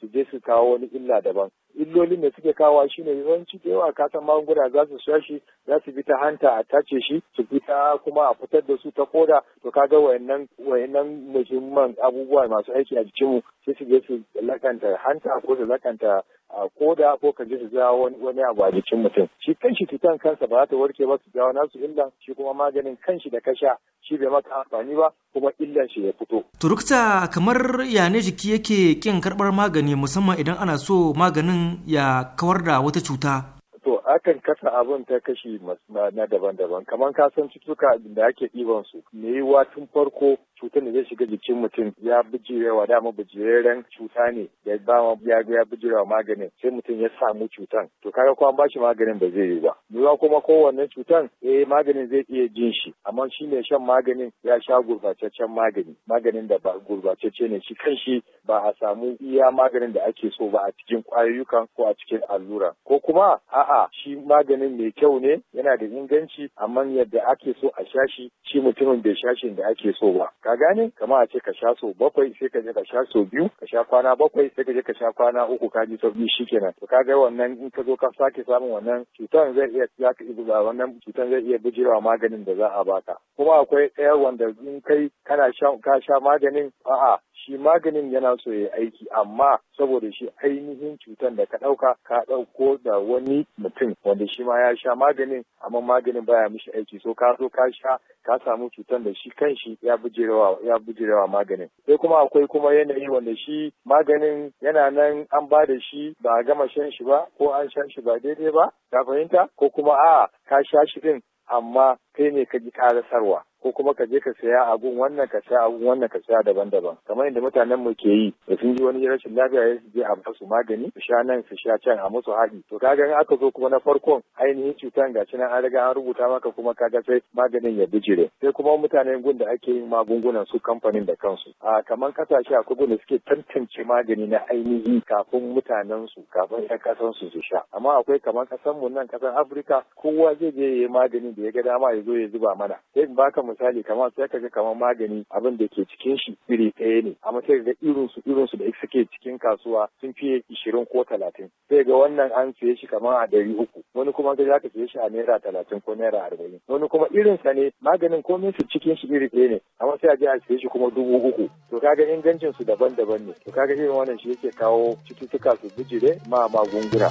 su je su kawo wani illa daban illolin da suke kawo shi shine yawanci da yawa kasan magunguna za su sha shi za su bi ta hanta a tace shi su fita kuma a fitar da su ta koda to kaga wayannan wayannan muhimman abubuwa masu aiki a jikinmu sai su je su lakanta hanta ko su lakanta a koda ko ka ji su ja wani abu a jikin mutum shi kanshi cutan kansa ba za ta warke ba su jawo nasu illan shi kuma maganin kanshi da kasha shi bai maka amfani ba kuma illan shi ya fito. turukta kamar ya ne jiki yake kin karbar magani musamman idan ana so maganin ya kawar da wata cuta to akan kasa abun ta kashi na daban-daban kamar ka san cutuka da ake ɗiban su me wa tun farko cutar da zai shiga jikin mutum ya bijirewa dama bijireren cuta ne da ba ya ya bijirewa maganin sai mutum ya samu cutan to kaga kuma ba shi maganin ba zai yi ba yiwuwa kuma kowanne cutan eh maganin zai iya jin shi amma shi ne shan maganin ya sha gurbataccen magani maganin da ba gurbatacce ne shi shi ba a samu iya maganin da ake so ba a cikin kwayoyukan ko a cikin allura ko kuma a'a shi maganin mai kyau ne yana da inganci amma yadda ake so a sha shi shi mutumin bai sha shi da ake so ba ka gane Kamar a ce ka sha so bakwai sai ka je ka sha so biyu ka sha kwana bakwai sai ka je ka sha kwana uku ka ji sauki kenan. to ka ga wannan in ka zo ka sake samun wannan cutar zai iya za ka iya wannan cutar zai iya bijirewa maganin da za a baka kuma akwai ɗaya wanda in kai kana sha ka sha maganin a'a shi maganin yana so ya aiki amma saboda shi ainihin cutar da ka ɗauka ka ɗauko da wani mutum wanda shi ma ya sha maganin amma maganin baya mishi aiki so ka zo ka sha ka samu cutar da shi kanshi ya bijira bujirewa ya bujirewa maganin sai kuma akwai kuma yanayi wanda shi maganin yana nan an ba da shi ba a gama shan shi ba ko an shan shi ba daidai ba ka fahimta ko kuma a ka sha shi din amma kai ne ka ji karasarwa ko kuma ka je ka saya abun wannan ka saya abun wannan ka saya daban-daban kamar yadda mutanen mu ke yi da sun ji wani rashin lafiya ya je a musu magani su sha nan su sha can a musu haɗi to kaga in aka zo kuma na farkon ainihin cutan ga nan an riga an rubuta maka kuma ka ga sai maganin ya bijire sai kuma mutanen gun da ake yin magungunan su kamfanin da kansu a kamar kasashe akwai gun da suke tantance magani na ainihi kafin mutanen su kafin ƴan kasan su su sha amma akwai kamar kasan mu nan kasan Afirka kowa zai je ya yi magani da ya ga dama ya zo ya zuba mana sai baka mu misali kamar sai ka ga kamar magani abin da ke cikin shi iri ɗaya ne amma sai ga irin su irin su da suke cikin kasuwa sun fiye ishirin ko talatin sai ga wannan an siye shi kamar a ɗari uku wani kuma sai ka siye shi a naira talatin ko naira arba'in wani kuma irin sa ne maganin komai su cikin shi iri ɗaya ne amma sai a je a siye shi kuma dubu uku to kaga ingancin su daban-daban ne to kaga irin wannan shi yake kawo cututtuka su bijire ma magunguna.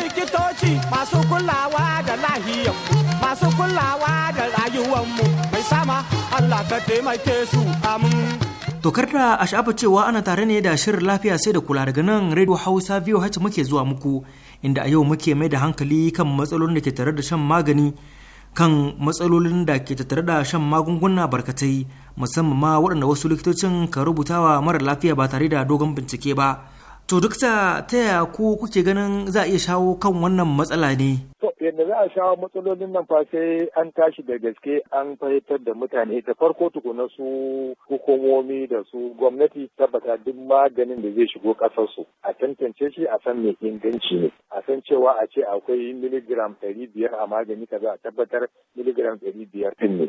likitoci masu kulawa da lahiyar masu kulawa da rayuwar mu mai sama Allah ka taimake su amin. Tokar da a sha'afa cewa ana tare ne da shirin lafiya sai da kula daga nan Radio Hausa biyu VOH muke zuwa muku inda a yau muke mai da hankali kan matsalolin da ke tare da shan magani kan matsalolin da ke tattare da shan magunguna barkatai musamman ma waɗanda wasu likitocin ka rubutawa mara lafiya ba tare da dogon bincike ba. To duk ta yaya ko kuke ganin za a iya shawo kan wannan matsala ne? To yadda za a shawo matsalolin nan fa sai an tashi da gaske an fahimtar da mutane ta farko tukuna su hukumomi da su gwamnati tabbata duk maganin da zai shigo kasar a tantance shi a san mai inganci ne a san cewa a ce akwai miligram ɗari a magani kaza a tabbatar miligram ɗari biyar ɗin ne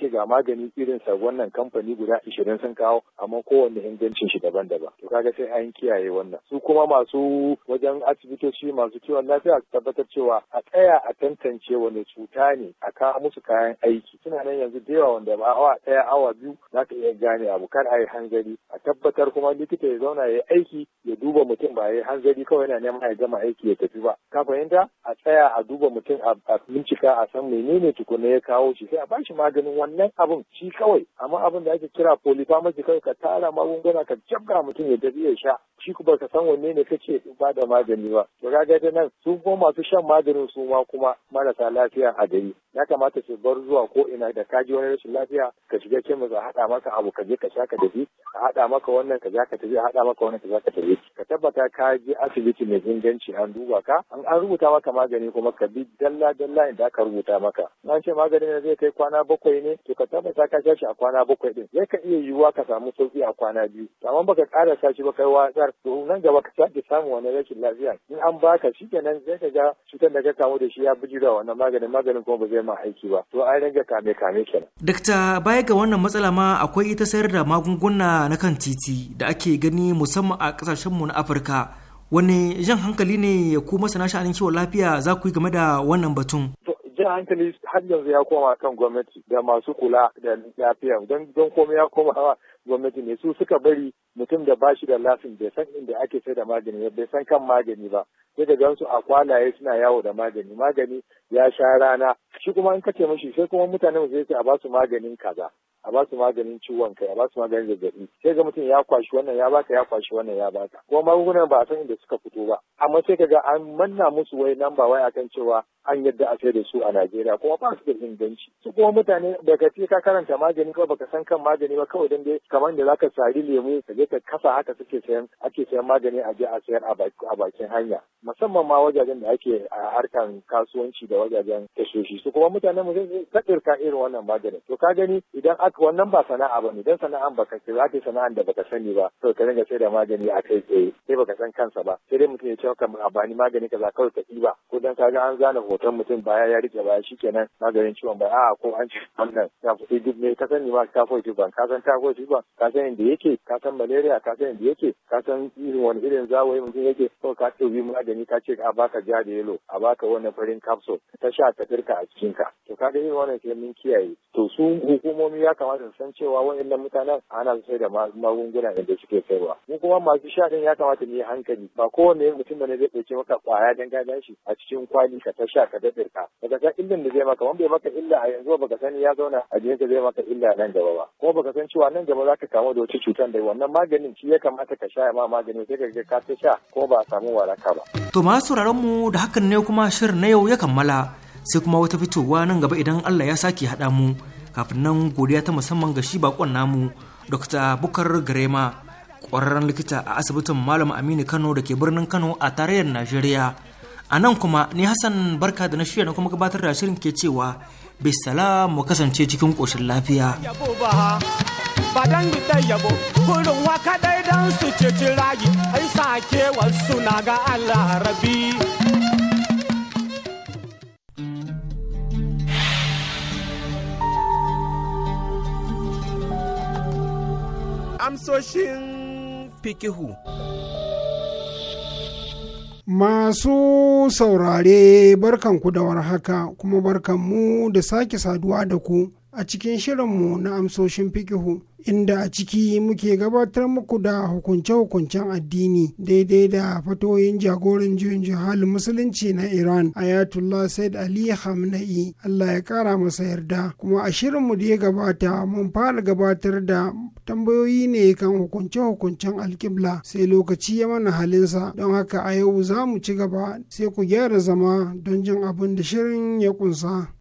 ce ga magani irin sa wannan kamfani guda ishirin sun kawo amma kowanne ingancin shi daban-daban to kaga sai an kiyaye wannan su kuma masu wajen asibitoci masu kiwon lafiya su tabbatar cewa a tsaya a tantance wani cuta ne a kawo musu kayan aiki suna nan yanzu da yawa wanda ba awa ɗaya awa biyu za ka iya gane abu kar a yi hanzari a tabbatar kuma likita ya zauna ya yi aiki ya duba mutum ba ya yi hanzari kawai yana neman ya gama aiki ya tafi ba ka fahimta a tsaya a duba mutum a bincika a san menene tukuna ya kawo shi sai a bashi maganin wannan wannan abun shi kawai amma abin da ake kira polypharmacy kawai ka tara magunguna ka jabga mutum ya tafi ya sha shi ku baka san wanne ne kace ba da magani ba to kaga ta nan su ko masu shan maganin su ma kuma marasa lafiya a gari ya kamata su bar zuwa ko ina da kaji wani rashin lafiya ka shiga za a haɗa maka abu ka je ka sha ka tafi a haɗa maka wannan ka za ka tafi a haɗa maka wannan ka za ka tafi ka tabbata ka je asibiti mai inganci an duba ka an rubuta maka magani kuma ka bi dalla dalla inda aka rubuta maka Na ce maganin zai kai kwana bakwai ne to ka tabbata ka kashe shi a kwana bakwai din zai ka iya yiwuwa ka samu sauki a kwana biyu amma baka ƙara sa shi ba kai watsar to nan gaba ka sake samun wani rashin lafiya in an baka shi kenan zai ka ga cutar da ka kamu da shi ya bi bijira wannan maganin maganin kuma ba zai ma aiki ba to an rage kame kame kenan. dakta baya ga wannan matsala ma akwai ita sayar da magunguna na kan titi da ake gani musamman a kasashenmu na afirka wani jan hankali ne ku masana sha'anin kiwon lafiya za ku yi game da wannan batun. jan hankali har yanzu ya koma kan gwamnati da masu kula da lafiya don don komai ya koma gwamnati ne su suka bari mutum da bashi da lasin bai san inda ake sai da magani bai san kan magani ba sai ka gansu a kwalaye suna yawo da magani magani ya sha rana shi kuma in ka ce mishi sai kuma mutane mu sai a ba su maganin kaza a ba su maganin ciwon kai a ba su maganin zazzabi sai ga mutum ya kwashi wannan ya baka ya kwashi wannan ya baka kuma magungunan ba a san inda suka fito ba amma sai ga an manna musu wai nan ba wai akan cewa an yadda a sai da su a Najeriya kuma ba su da inganci su kuma mutane daga ce ka karanta magani kawai baka san kan magani ba kawai dan dai kamar da zaka sari lemu ka je ka kasa haka suke sayan ake sayan magani a je a sayar a bakin hanya musamman ma wajajen da ake a harkan kasuwanci da wajajen tashoshi su kuma mutanen mu sai kadirka irin wannan maganin to ka gani idan aka wannan ba sana'a ba ne idan sana'an baka ce za ka sana'an da baka sani ba to ka dinga sai da magani a kai tsaye sai baka san kansa ba sai dai mutum ya ce ka a bani magani kaza kawai ka ɗiba ko dan ka ga an zana hoton mutum baya ya rike baya shikenan maganin ciwon baya a'a ko an ci wannan ya fi duk ne ka sani ma ka fi ban ka san ta fi ban ka san inda yake ka san malaria ka san inda yake ka san irin wani irin zawo mutum yake ko ka ɗauki magani gani ka ce a baka ja da yelo a baka wani farin kapsul, ta sha ta firka a cikin ka to ka ga wannan sai mun kiyaye to su hukumomi ya kamata su san cewa wayannan mutanen ana sai da magunguna da suke sayarwa mu kuma masu sha din ya kamata mu yi hankali ba kowane mutum da ne zai ɗauke maka kwaya dan gadan shi a cikin kwali ka ta sha ka da firka daga illan da zai maka wanda bai maka illa a yanzu baka sani ya zauna a ka zai maka illa nan gaba ba Ko baka san cewa nan gaba za ka kamu da wata cutar da wannan maganin shi ya kamata ka sha ma maganin sai ka ga ka ta sha ko ba a samu waraka ba. To masu mu da hakan ne kuma shirin na yau ya kammala sai kuma wata fitowa nan gaba idan Allah ya sake haɗa mu kafin nan godiya ta musamman ga shi bakon namu Dr. Bukar Garema ƙwararren likita a asibitin Malam Aminu Kano da ke birnin Kano a tarayyar Najeriya. A nan kuma ni Hassan Barka da na shirya na kuma gabatar da shirin ke cewa bisalam mu kasance cikin ƙoshin lafiya. Ba dan yabo, kurin waka don su ceci rayu ai sakewarsu na ga Allah rabi. Amsoshin fikihu. Masu saurare barkanku da warhaka kuma barkanmu da sake saduwa da ku. a cikin shirinmu na amsoshin fikihu inda a ciki muke gabatar muku da hukunce-hukuncen addini daidai da fatoyin jagoran juyin juhalin musulunci na iran ayatullah said ali hamna'i allah ya kara masa yarda kuma a shirinmu da ya gabata mun fara gabatar da tambayoyi ne kan hukunce-hukuncen alkibla sai lokaci ya mana halinsa don haka a yau za mu ci gaba sai ku gyara zama don jin abin da shirin ya kunsa.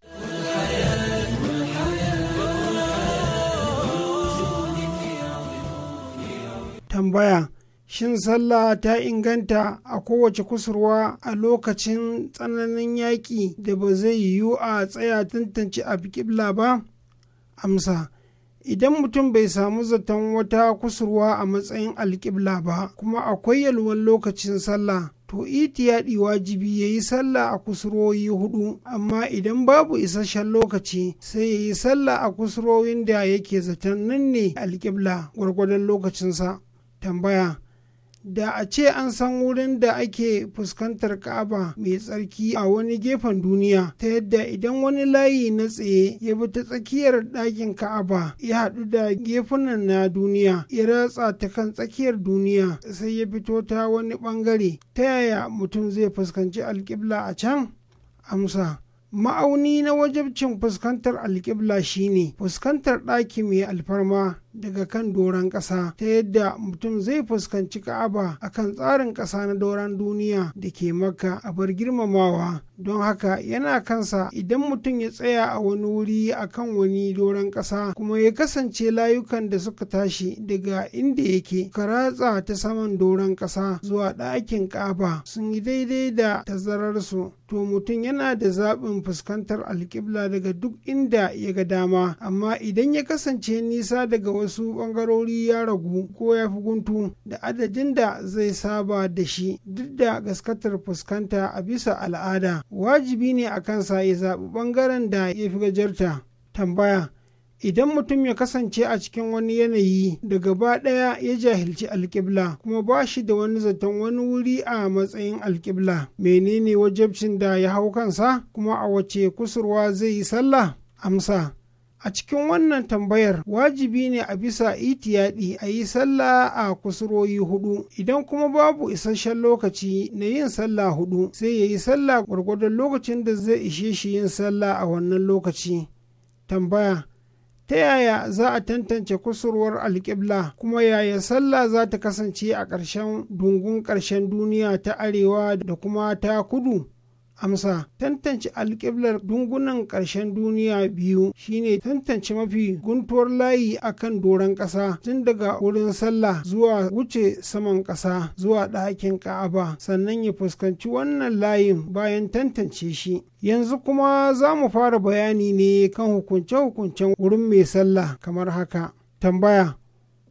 tambaya shin sallah ta inganta a kowace kusurwa a lokacin tsananin yaƙi da ba zai yiwu a tsaya tantance a kibla ba amsa idan mutum bai samu zaton wata kusurwa a matsayin alƙibla ba kuma akwai yalwan lokacin sallah to itiyaɗi wajibi ya yi sallah a kusurwoyi hudu amma idan babu isasshen lokaci sai ya yi sallah a kusurwoyin da yake zaton nan ne alƙibla gwargwadon lokacinsa tambaya da a ce an san wurin da ake fuskantar ka'aba mai tsarki a wani gefen duniya ta yadda idan wani layi na tsaye ya bi ta tsakiyar ɗakin ka'aba ya haɗu da gefunan na duniya ya ratsa ta kan tsakiyar duniya sai ya fito ta wani ɓangare ta yaya mutum zai fuskanci alƙibla a can amsa ma'auni na wajabcin fuskantar alƙibla shine fuskantar ɗaki mai alfarma daga kan doron ƙasa ta yadda mutum zai fuskanci ka'aba a kan tsarin ƙasa na doron duniya da ke maka a bar girmamawa don haka yana kansa idan mutum ya tsaya a wani wuri a kan wani doron ƙasa kuma ya kasance layukan da suka tashi daga inda yake karatsa ta saman doron ƙasa zuwa ɗakin ƙaba sun yi daidai da tazararsu to mutum yana da zaɓin fuskantar alƙibla daga duk inda ya ga dama amma idan ya kasance nisa daga wasu wasu ɓangarori ya ragu ko ya fi guntu da adadin da zai saba da shi duk da gaskatar fuskanta a bisa al'ada wajibi ne a kansa ya zaɓi ɓangaren da ya fi gajarta tambaya idan mutum ya kasance a cikin wani yanayi da gaba ɗaya ya jahilci alkibla kuma ba shi da wani zaton wani wuri a matsayin alkibla? menene wajabcin da ya hau kansa kuma a wace kusurwa zai yi sallah amsa a cikin wannan tambayar wajibi ne a bisa itiyadi a yi sallah a kusuroyi hudu idan kuma babu isasshen lokaci na yin sallah hudu sai ya yi sallah gwargwadon lokacin da zai ishe shi yin sallah a wannan lokaci tambaya ta yaya za a tantance kusurwar alƙibla kuma yaya sallah za ta kasance a ƙarshen dungun ƙarshen duniya ta arewa da kuma ta kudu amsa tantance alƙiblar dungunan ƙarshen duniya biyu shine tantance mafi guntuwar layi akan doron ƙasa tun daga wurin sallah zuwa wuce saman ƙasa zuwa ɗakin ka'aba sannan ya fuskanci wannan layin bayan tantance shi yanzu kuma za mu fara bayani ne kan hukunce-hukuncen wurin mai sallah kamar haka tambaya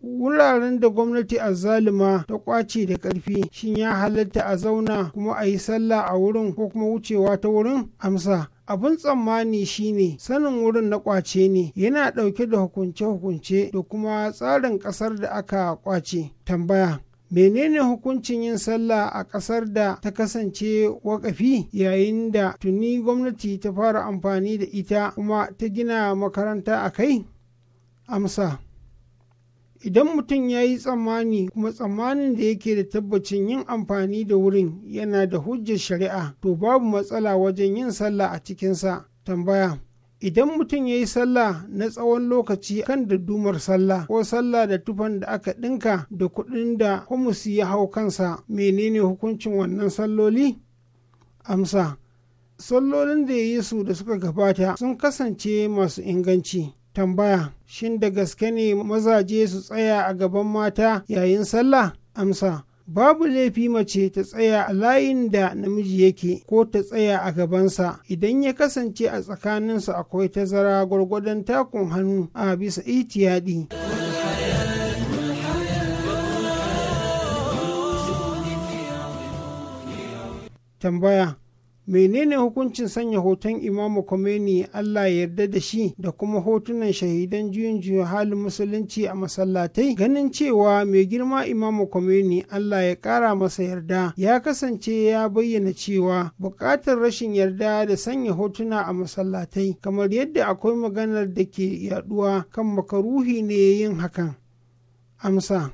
wuraren da gwamnati a zalima ta kwace da ƙarfi shin ya halatta a zauna kuma a yi sallah a wurin ko kuma wucewa ta wurin amsa abin tsammani shine sanin wurin na kwace ne yana ɗauke da hukunce-hukunce da kuma tsarin ƙasar da aka kwace tambaya menene hukuncin yin sallah a ƙasar da ta kasance wakafi yayin da tuni gwamnati ta fara amfani da ita kuma ta gina makaranta a kai amsa idan mutum ya yi tsammani kuma tsammanin da yake da tabbacin yin amfani da wurin yana da hujjar shari'a to babu matsala wajen yin sallah a cikinsa tambaya idan mutum ya yi sallah na tsawon lokaci kan daddumar sallah ko sallah da tufan da aka ɗinka da kuɗin da humusi ya hau kansa menene hukuncin wannan salloli amsa sallolin da ya yi su da suka gabata sun kasance masu inganci tambaya shin da gaske ne mazaje su tsaya a gaban mata yayin sallah amsa babu laifi mace ta tsaya a layin da namiji yake ko ta tsaya a gabansa idan ya kasance a tsakaninsa akwai tazara gwargwadon takun hannu a bisa itiyadi. tambaya menene hukuncin sanya hoton imamu Khomeini Allah ya yarda da shi da kuma hotunan shahidan juyin juyin halin musulunci a masallatai ganin cewa mai girma imamu Khomeini Allah ya kara masa yarda ya kasance ya bayyana cewa bukatar rashin yarda da sanya hotuna a masallatai kamar yadda akwai maganar da ke yaduwa kan makaruhi ne yin hakan amsa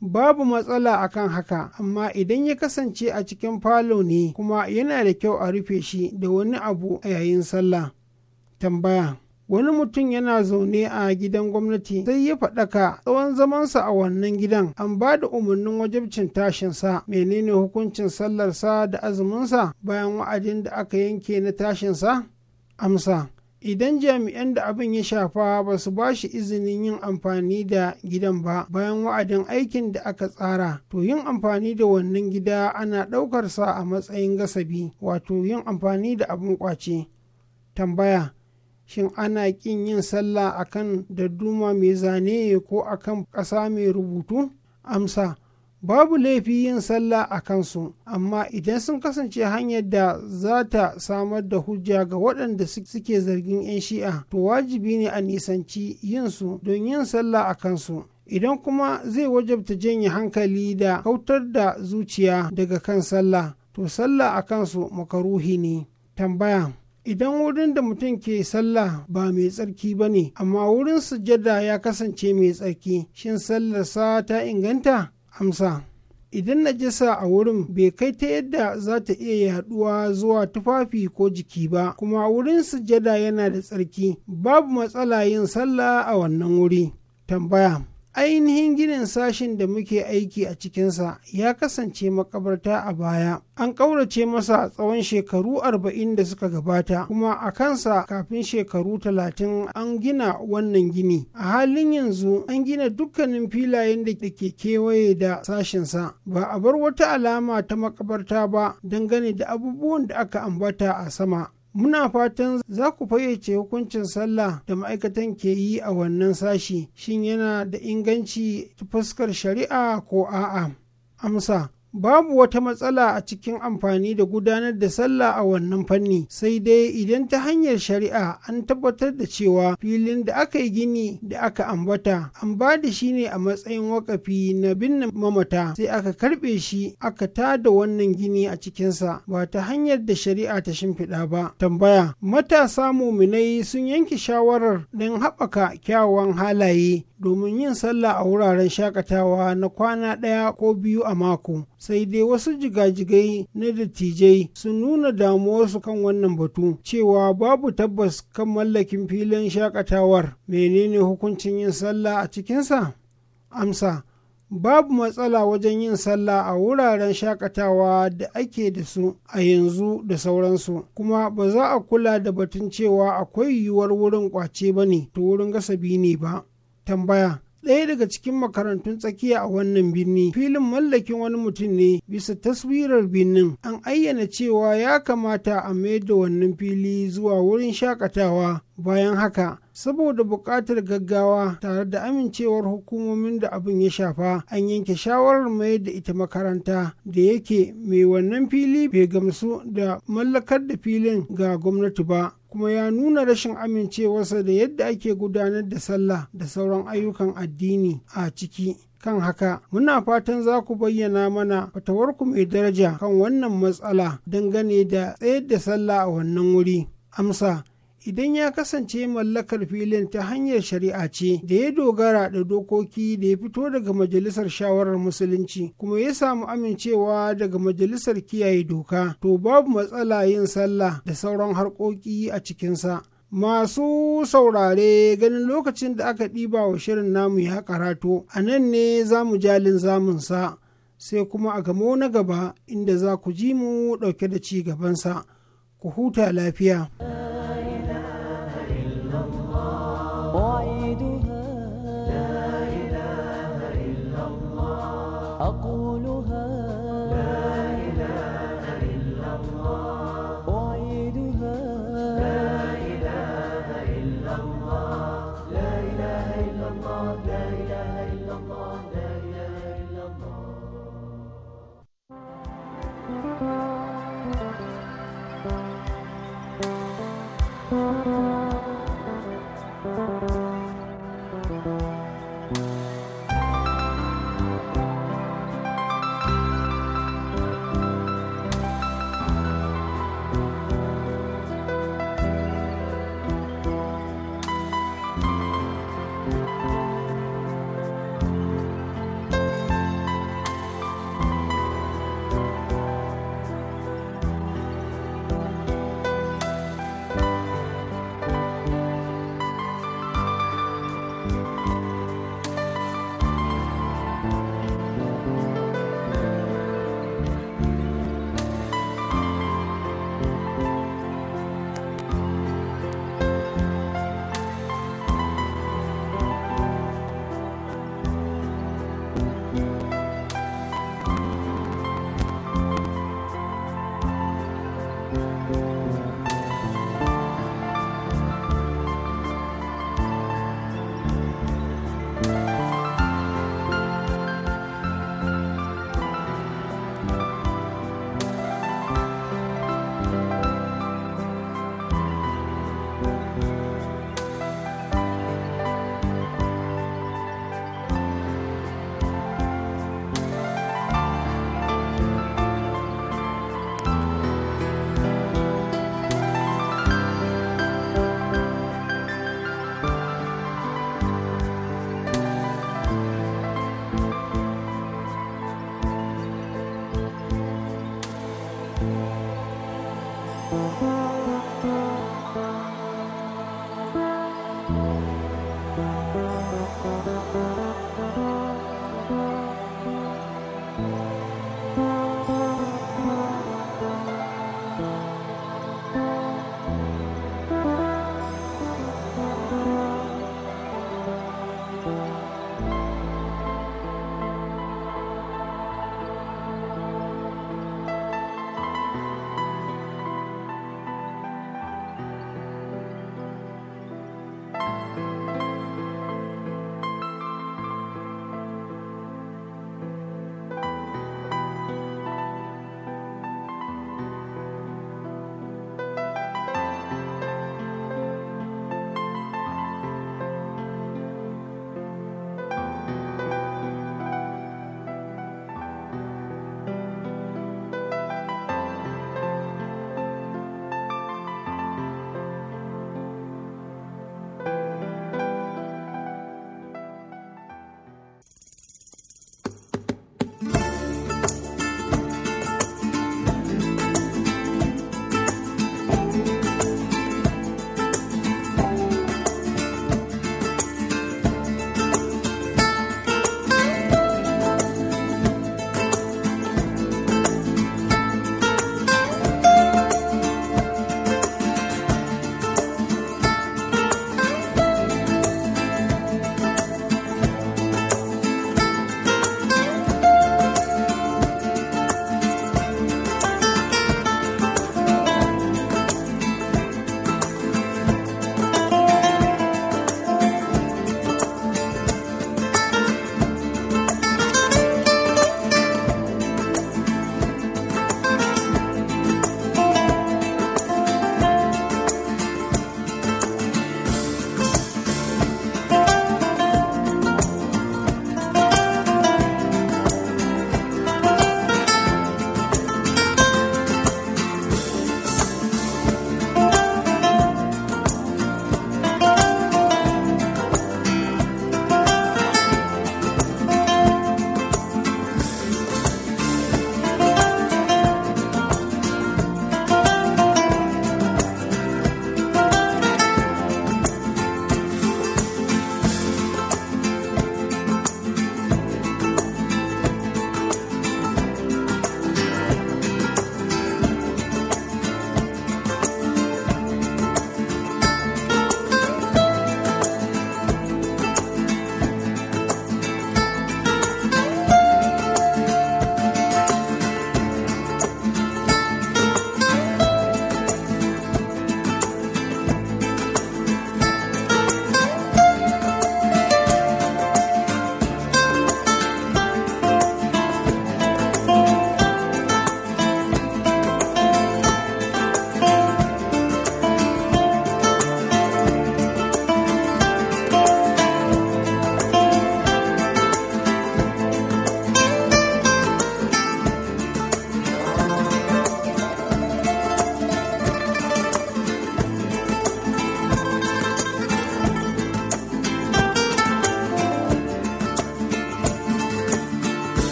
babu matsala akan haka amma idan ya kasance a cikin falo ne kuma yana da kyau a rufe shi da wani abu a yayin sallah tambaya wani mutum yana zaune a gidan gwamnati sai ya faɗaka tsawon zamansa a wannan gidan an ba da umarnin wajibcin tashinsa menene hukuncin sallarsa da azuminsa bayan wa'adin da aka yanke na tashinsa amsa idan jami'an da abin ya shafa ba su ba shi izinin yin amfani da gidan ba bayan wa'adin aikin da aka tsara to yin amfani da wannan gida ana ɗaukarsa a matsayin gasabi wato yin amfani da abin kwace tambaya shin ana ƙin yin sallah akan dadduma mai zane ko akan ƙasa mai rubutu amsa babu laifi yin sallah a kansu amma idan sun kasance hanyar da za ta samar da hujja ga waɗanda suke zargin 'yan shi'a to wajibi ne a nisanci yinsu don yin sallah a kansu idan kuma zai wajabta janye hankali da kautar da zuciya daga kan sallah to sallah a kansu makaruhi ne tambaya idan wurin da mutum ke sallah ba mai tsarki ba ne amma wurin sujada ya kasance mai tsarki shin sallarsa ta inganta amsa idan na najasa a wurin bai kai ta yadda za ta iya yaduwa zuwa tufafi ko jiki ba kuma wurin sujada yana da tsarki babu matsala yin sallah a wannan wuri tambaya ainihin ginin sashin da muke aiki a cikinsa ya kasance makabarta a baya an ƙaurace masa tsawon shekaru arba'in da suka gabata kuma a kansa kafin shekaru talatin an gina wannan gini a halin yanzu an gina dukkanin filayen da ke kewaye da sashinsa ba a bar wata alama ta makabarta ba dangane da abubuwan da aka ambata a sama Muna fatan za ku fayyace hukuncin sallah da ma'aikatan ke yi a wannan sashi, shin yana da inganci ta fuskar shari'a ko a'a? Amsa, babu wata matsala a cikin amfani da gudanar da sallah a wannan fanni sai dai idan ta hanyar shari'a an tabbatar da cewa filin da aka yi gini da aka ambata an ba da shi ne a matsayin wakafi na binne mamata sai aka karbe shi aka tada wannan gini a cikinsa ba ta hanyar da shari'a ta shimfiɗa ba tambaya matasa muminai sun yanke shawarar don haɓaka kyawawan halaye domin yin sallah a wuraren shakatawa na kwana ɗaya ko biyu a mako sai dai wasu jigajigai na dattijai sun nuna damuwarsu kan wannan batu cewa babu tabbas kan mallakin filin shakatawar menene hukuncin yin sallah a cikinsa amsa babu matsala wajen yin sallah a wuraren shakatawa da ake da su a yanzu da sauransu kuma ba za a kula da batun cewa akwai yiwuwar wurin kwace ba ne Ta wurin gasabi ne ba tambaya ɗaya daga cikin makarantun tsakiya a wannan birni filin mallakin wani mutum ne bisa taswirar birnin an ayyana cewa ya kamata a mayar da wannan fili zuwa wurin shakatawa bayan haka saboda buƙatar gaggawa tare da amincewar hukumomin da abin ya shafa an yanke shawarar mai da ita makaranta da yake mai wannan fili bai gamsu da mallakar da filin ga gwamnati ba kuma ya nuna rashin amincewarsa da yadda ake gudanar da sallah da sauran ayyukan addini a ciki kan haka muna fatan za ku bayyana mana fatawarku mai daraja kan wannan matsala dangane da tsayar da sallah a wannan wuri amsa idan ya kasance mallakar filin ta hanyar shari'a ce da ya dogara da dokoki da ya fito daga majalisar shawarar musulunci kuma ya samu amincewa daga majalisar kiyaye doka to babu matsala yin sallah da sauran harkoki a cikinsa masu saurare ganin lokacin da aka ɗiba wa shirin namu ya karato a nan ne za mu jalin zamunsa sai kuma a gamo na gaba inda za ku ji mu ɗauke da ci gabansa ku huta lafiya.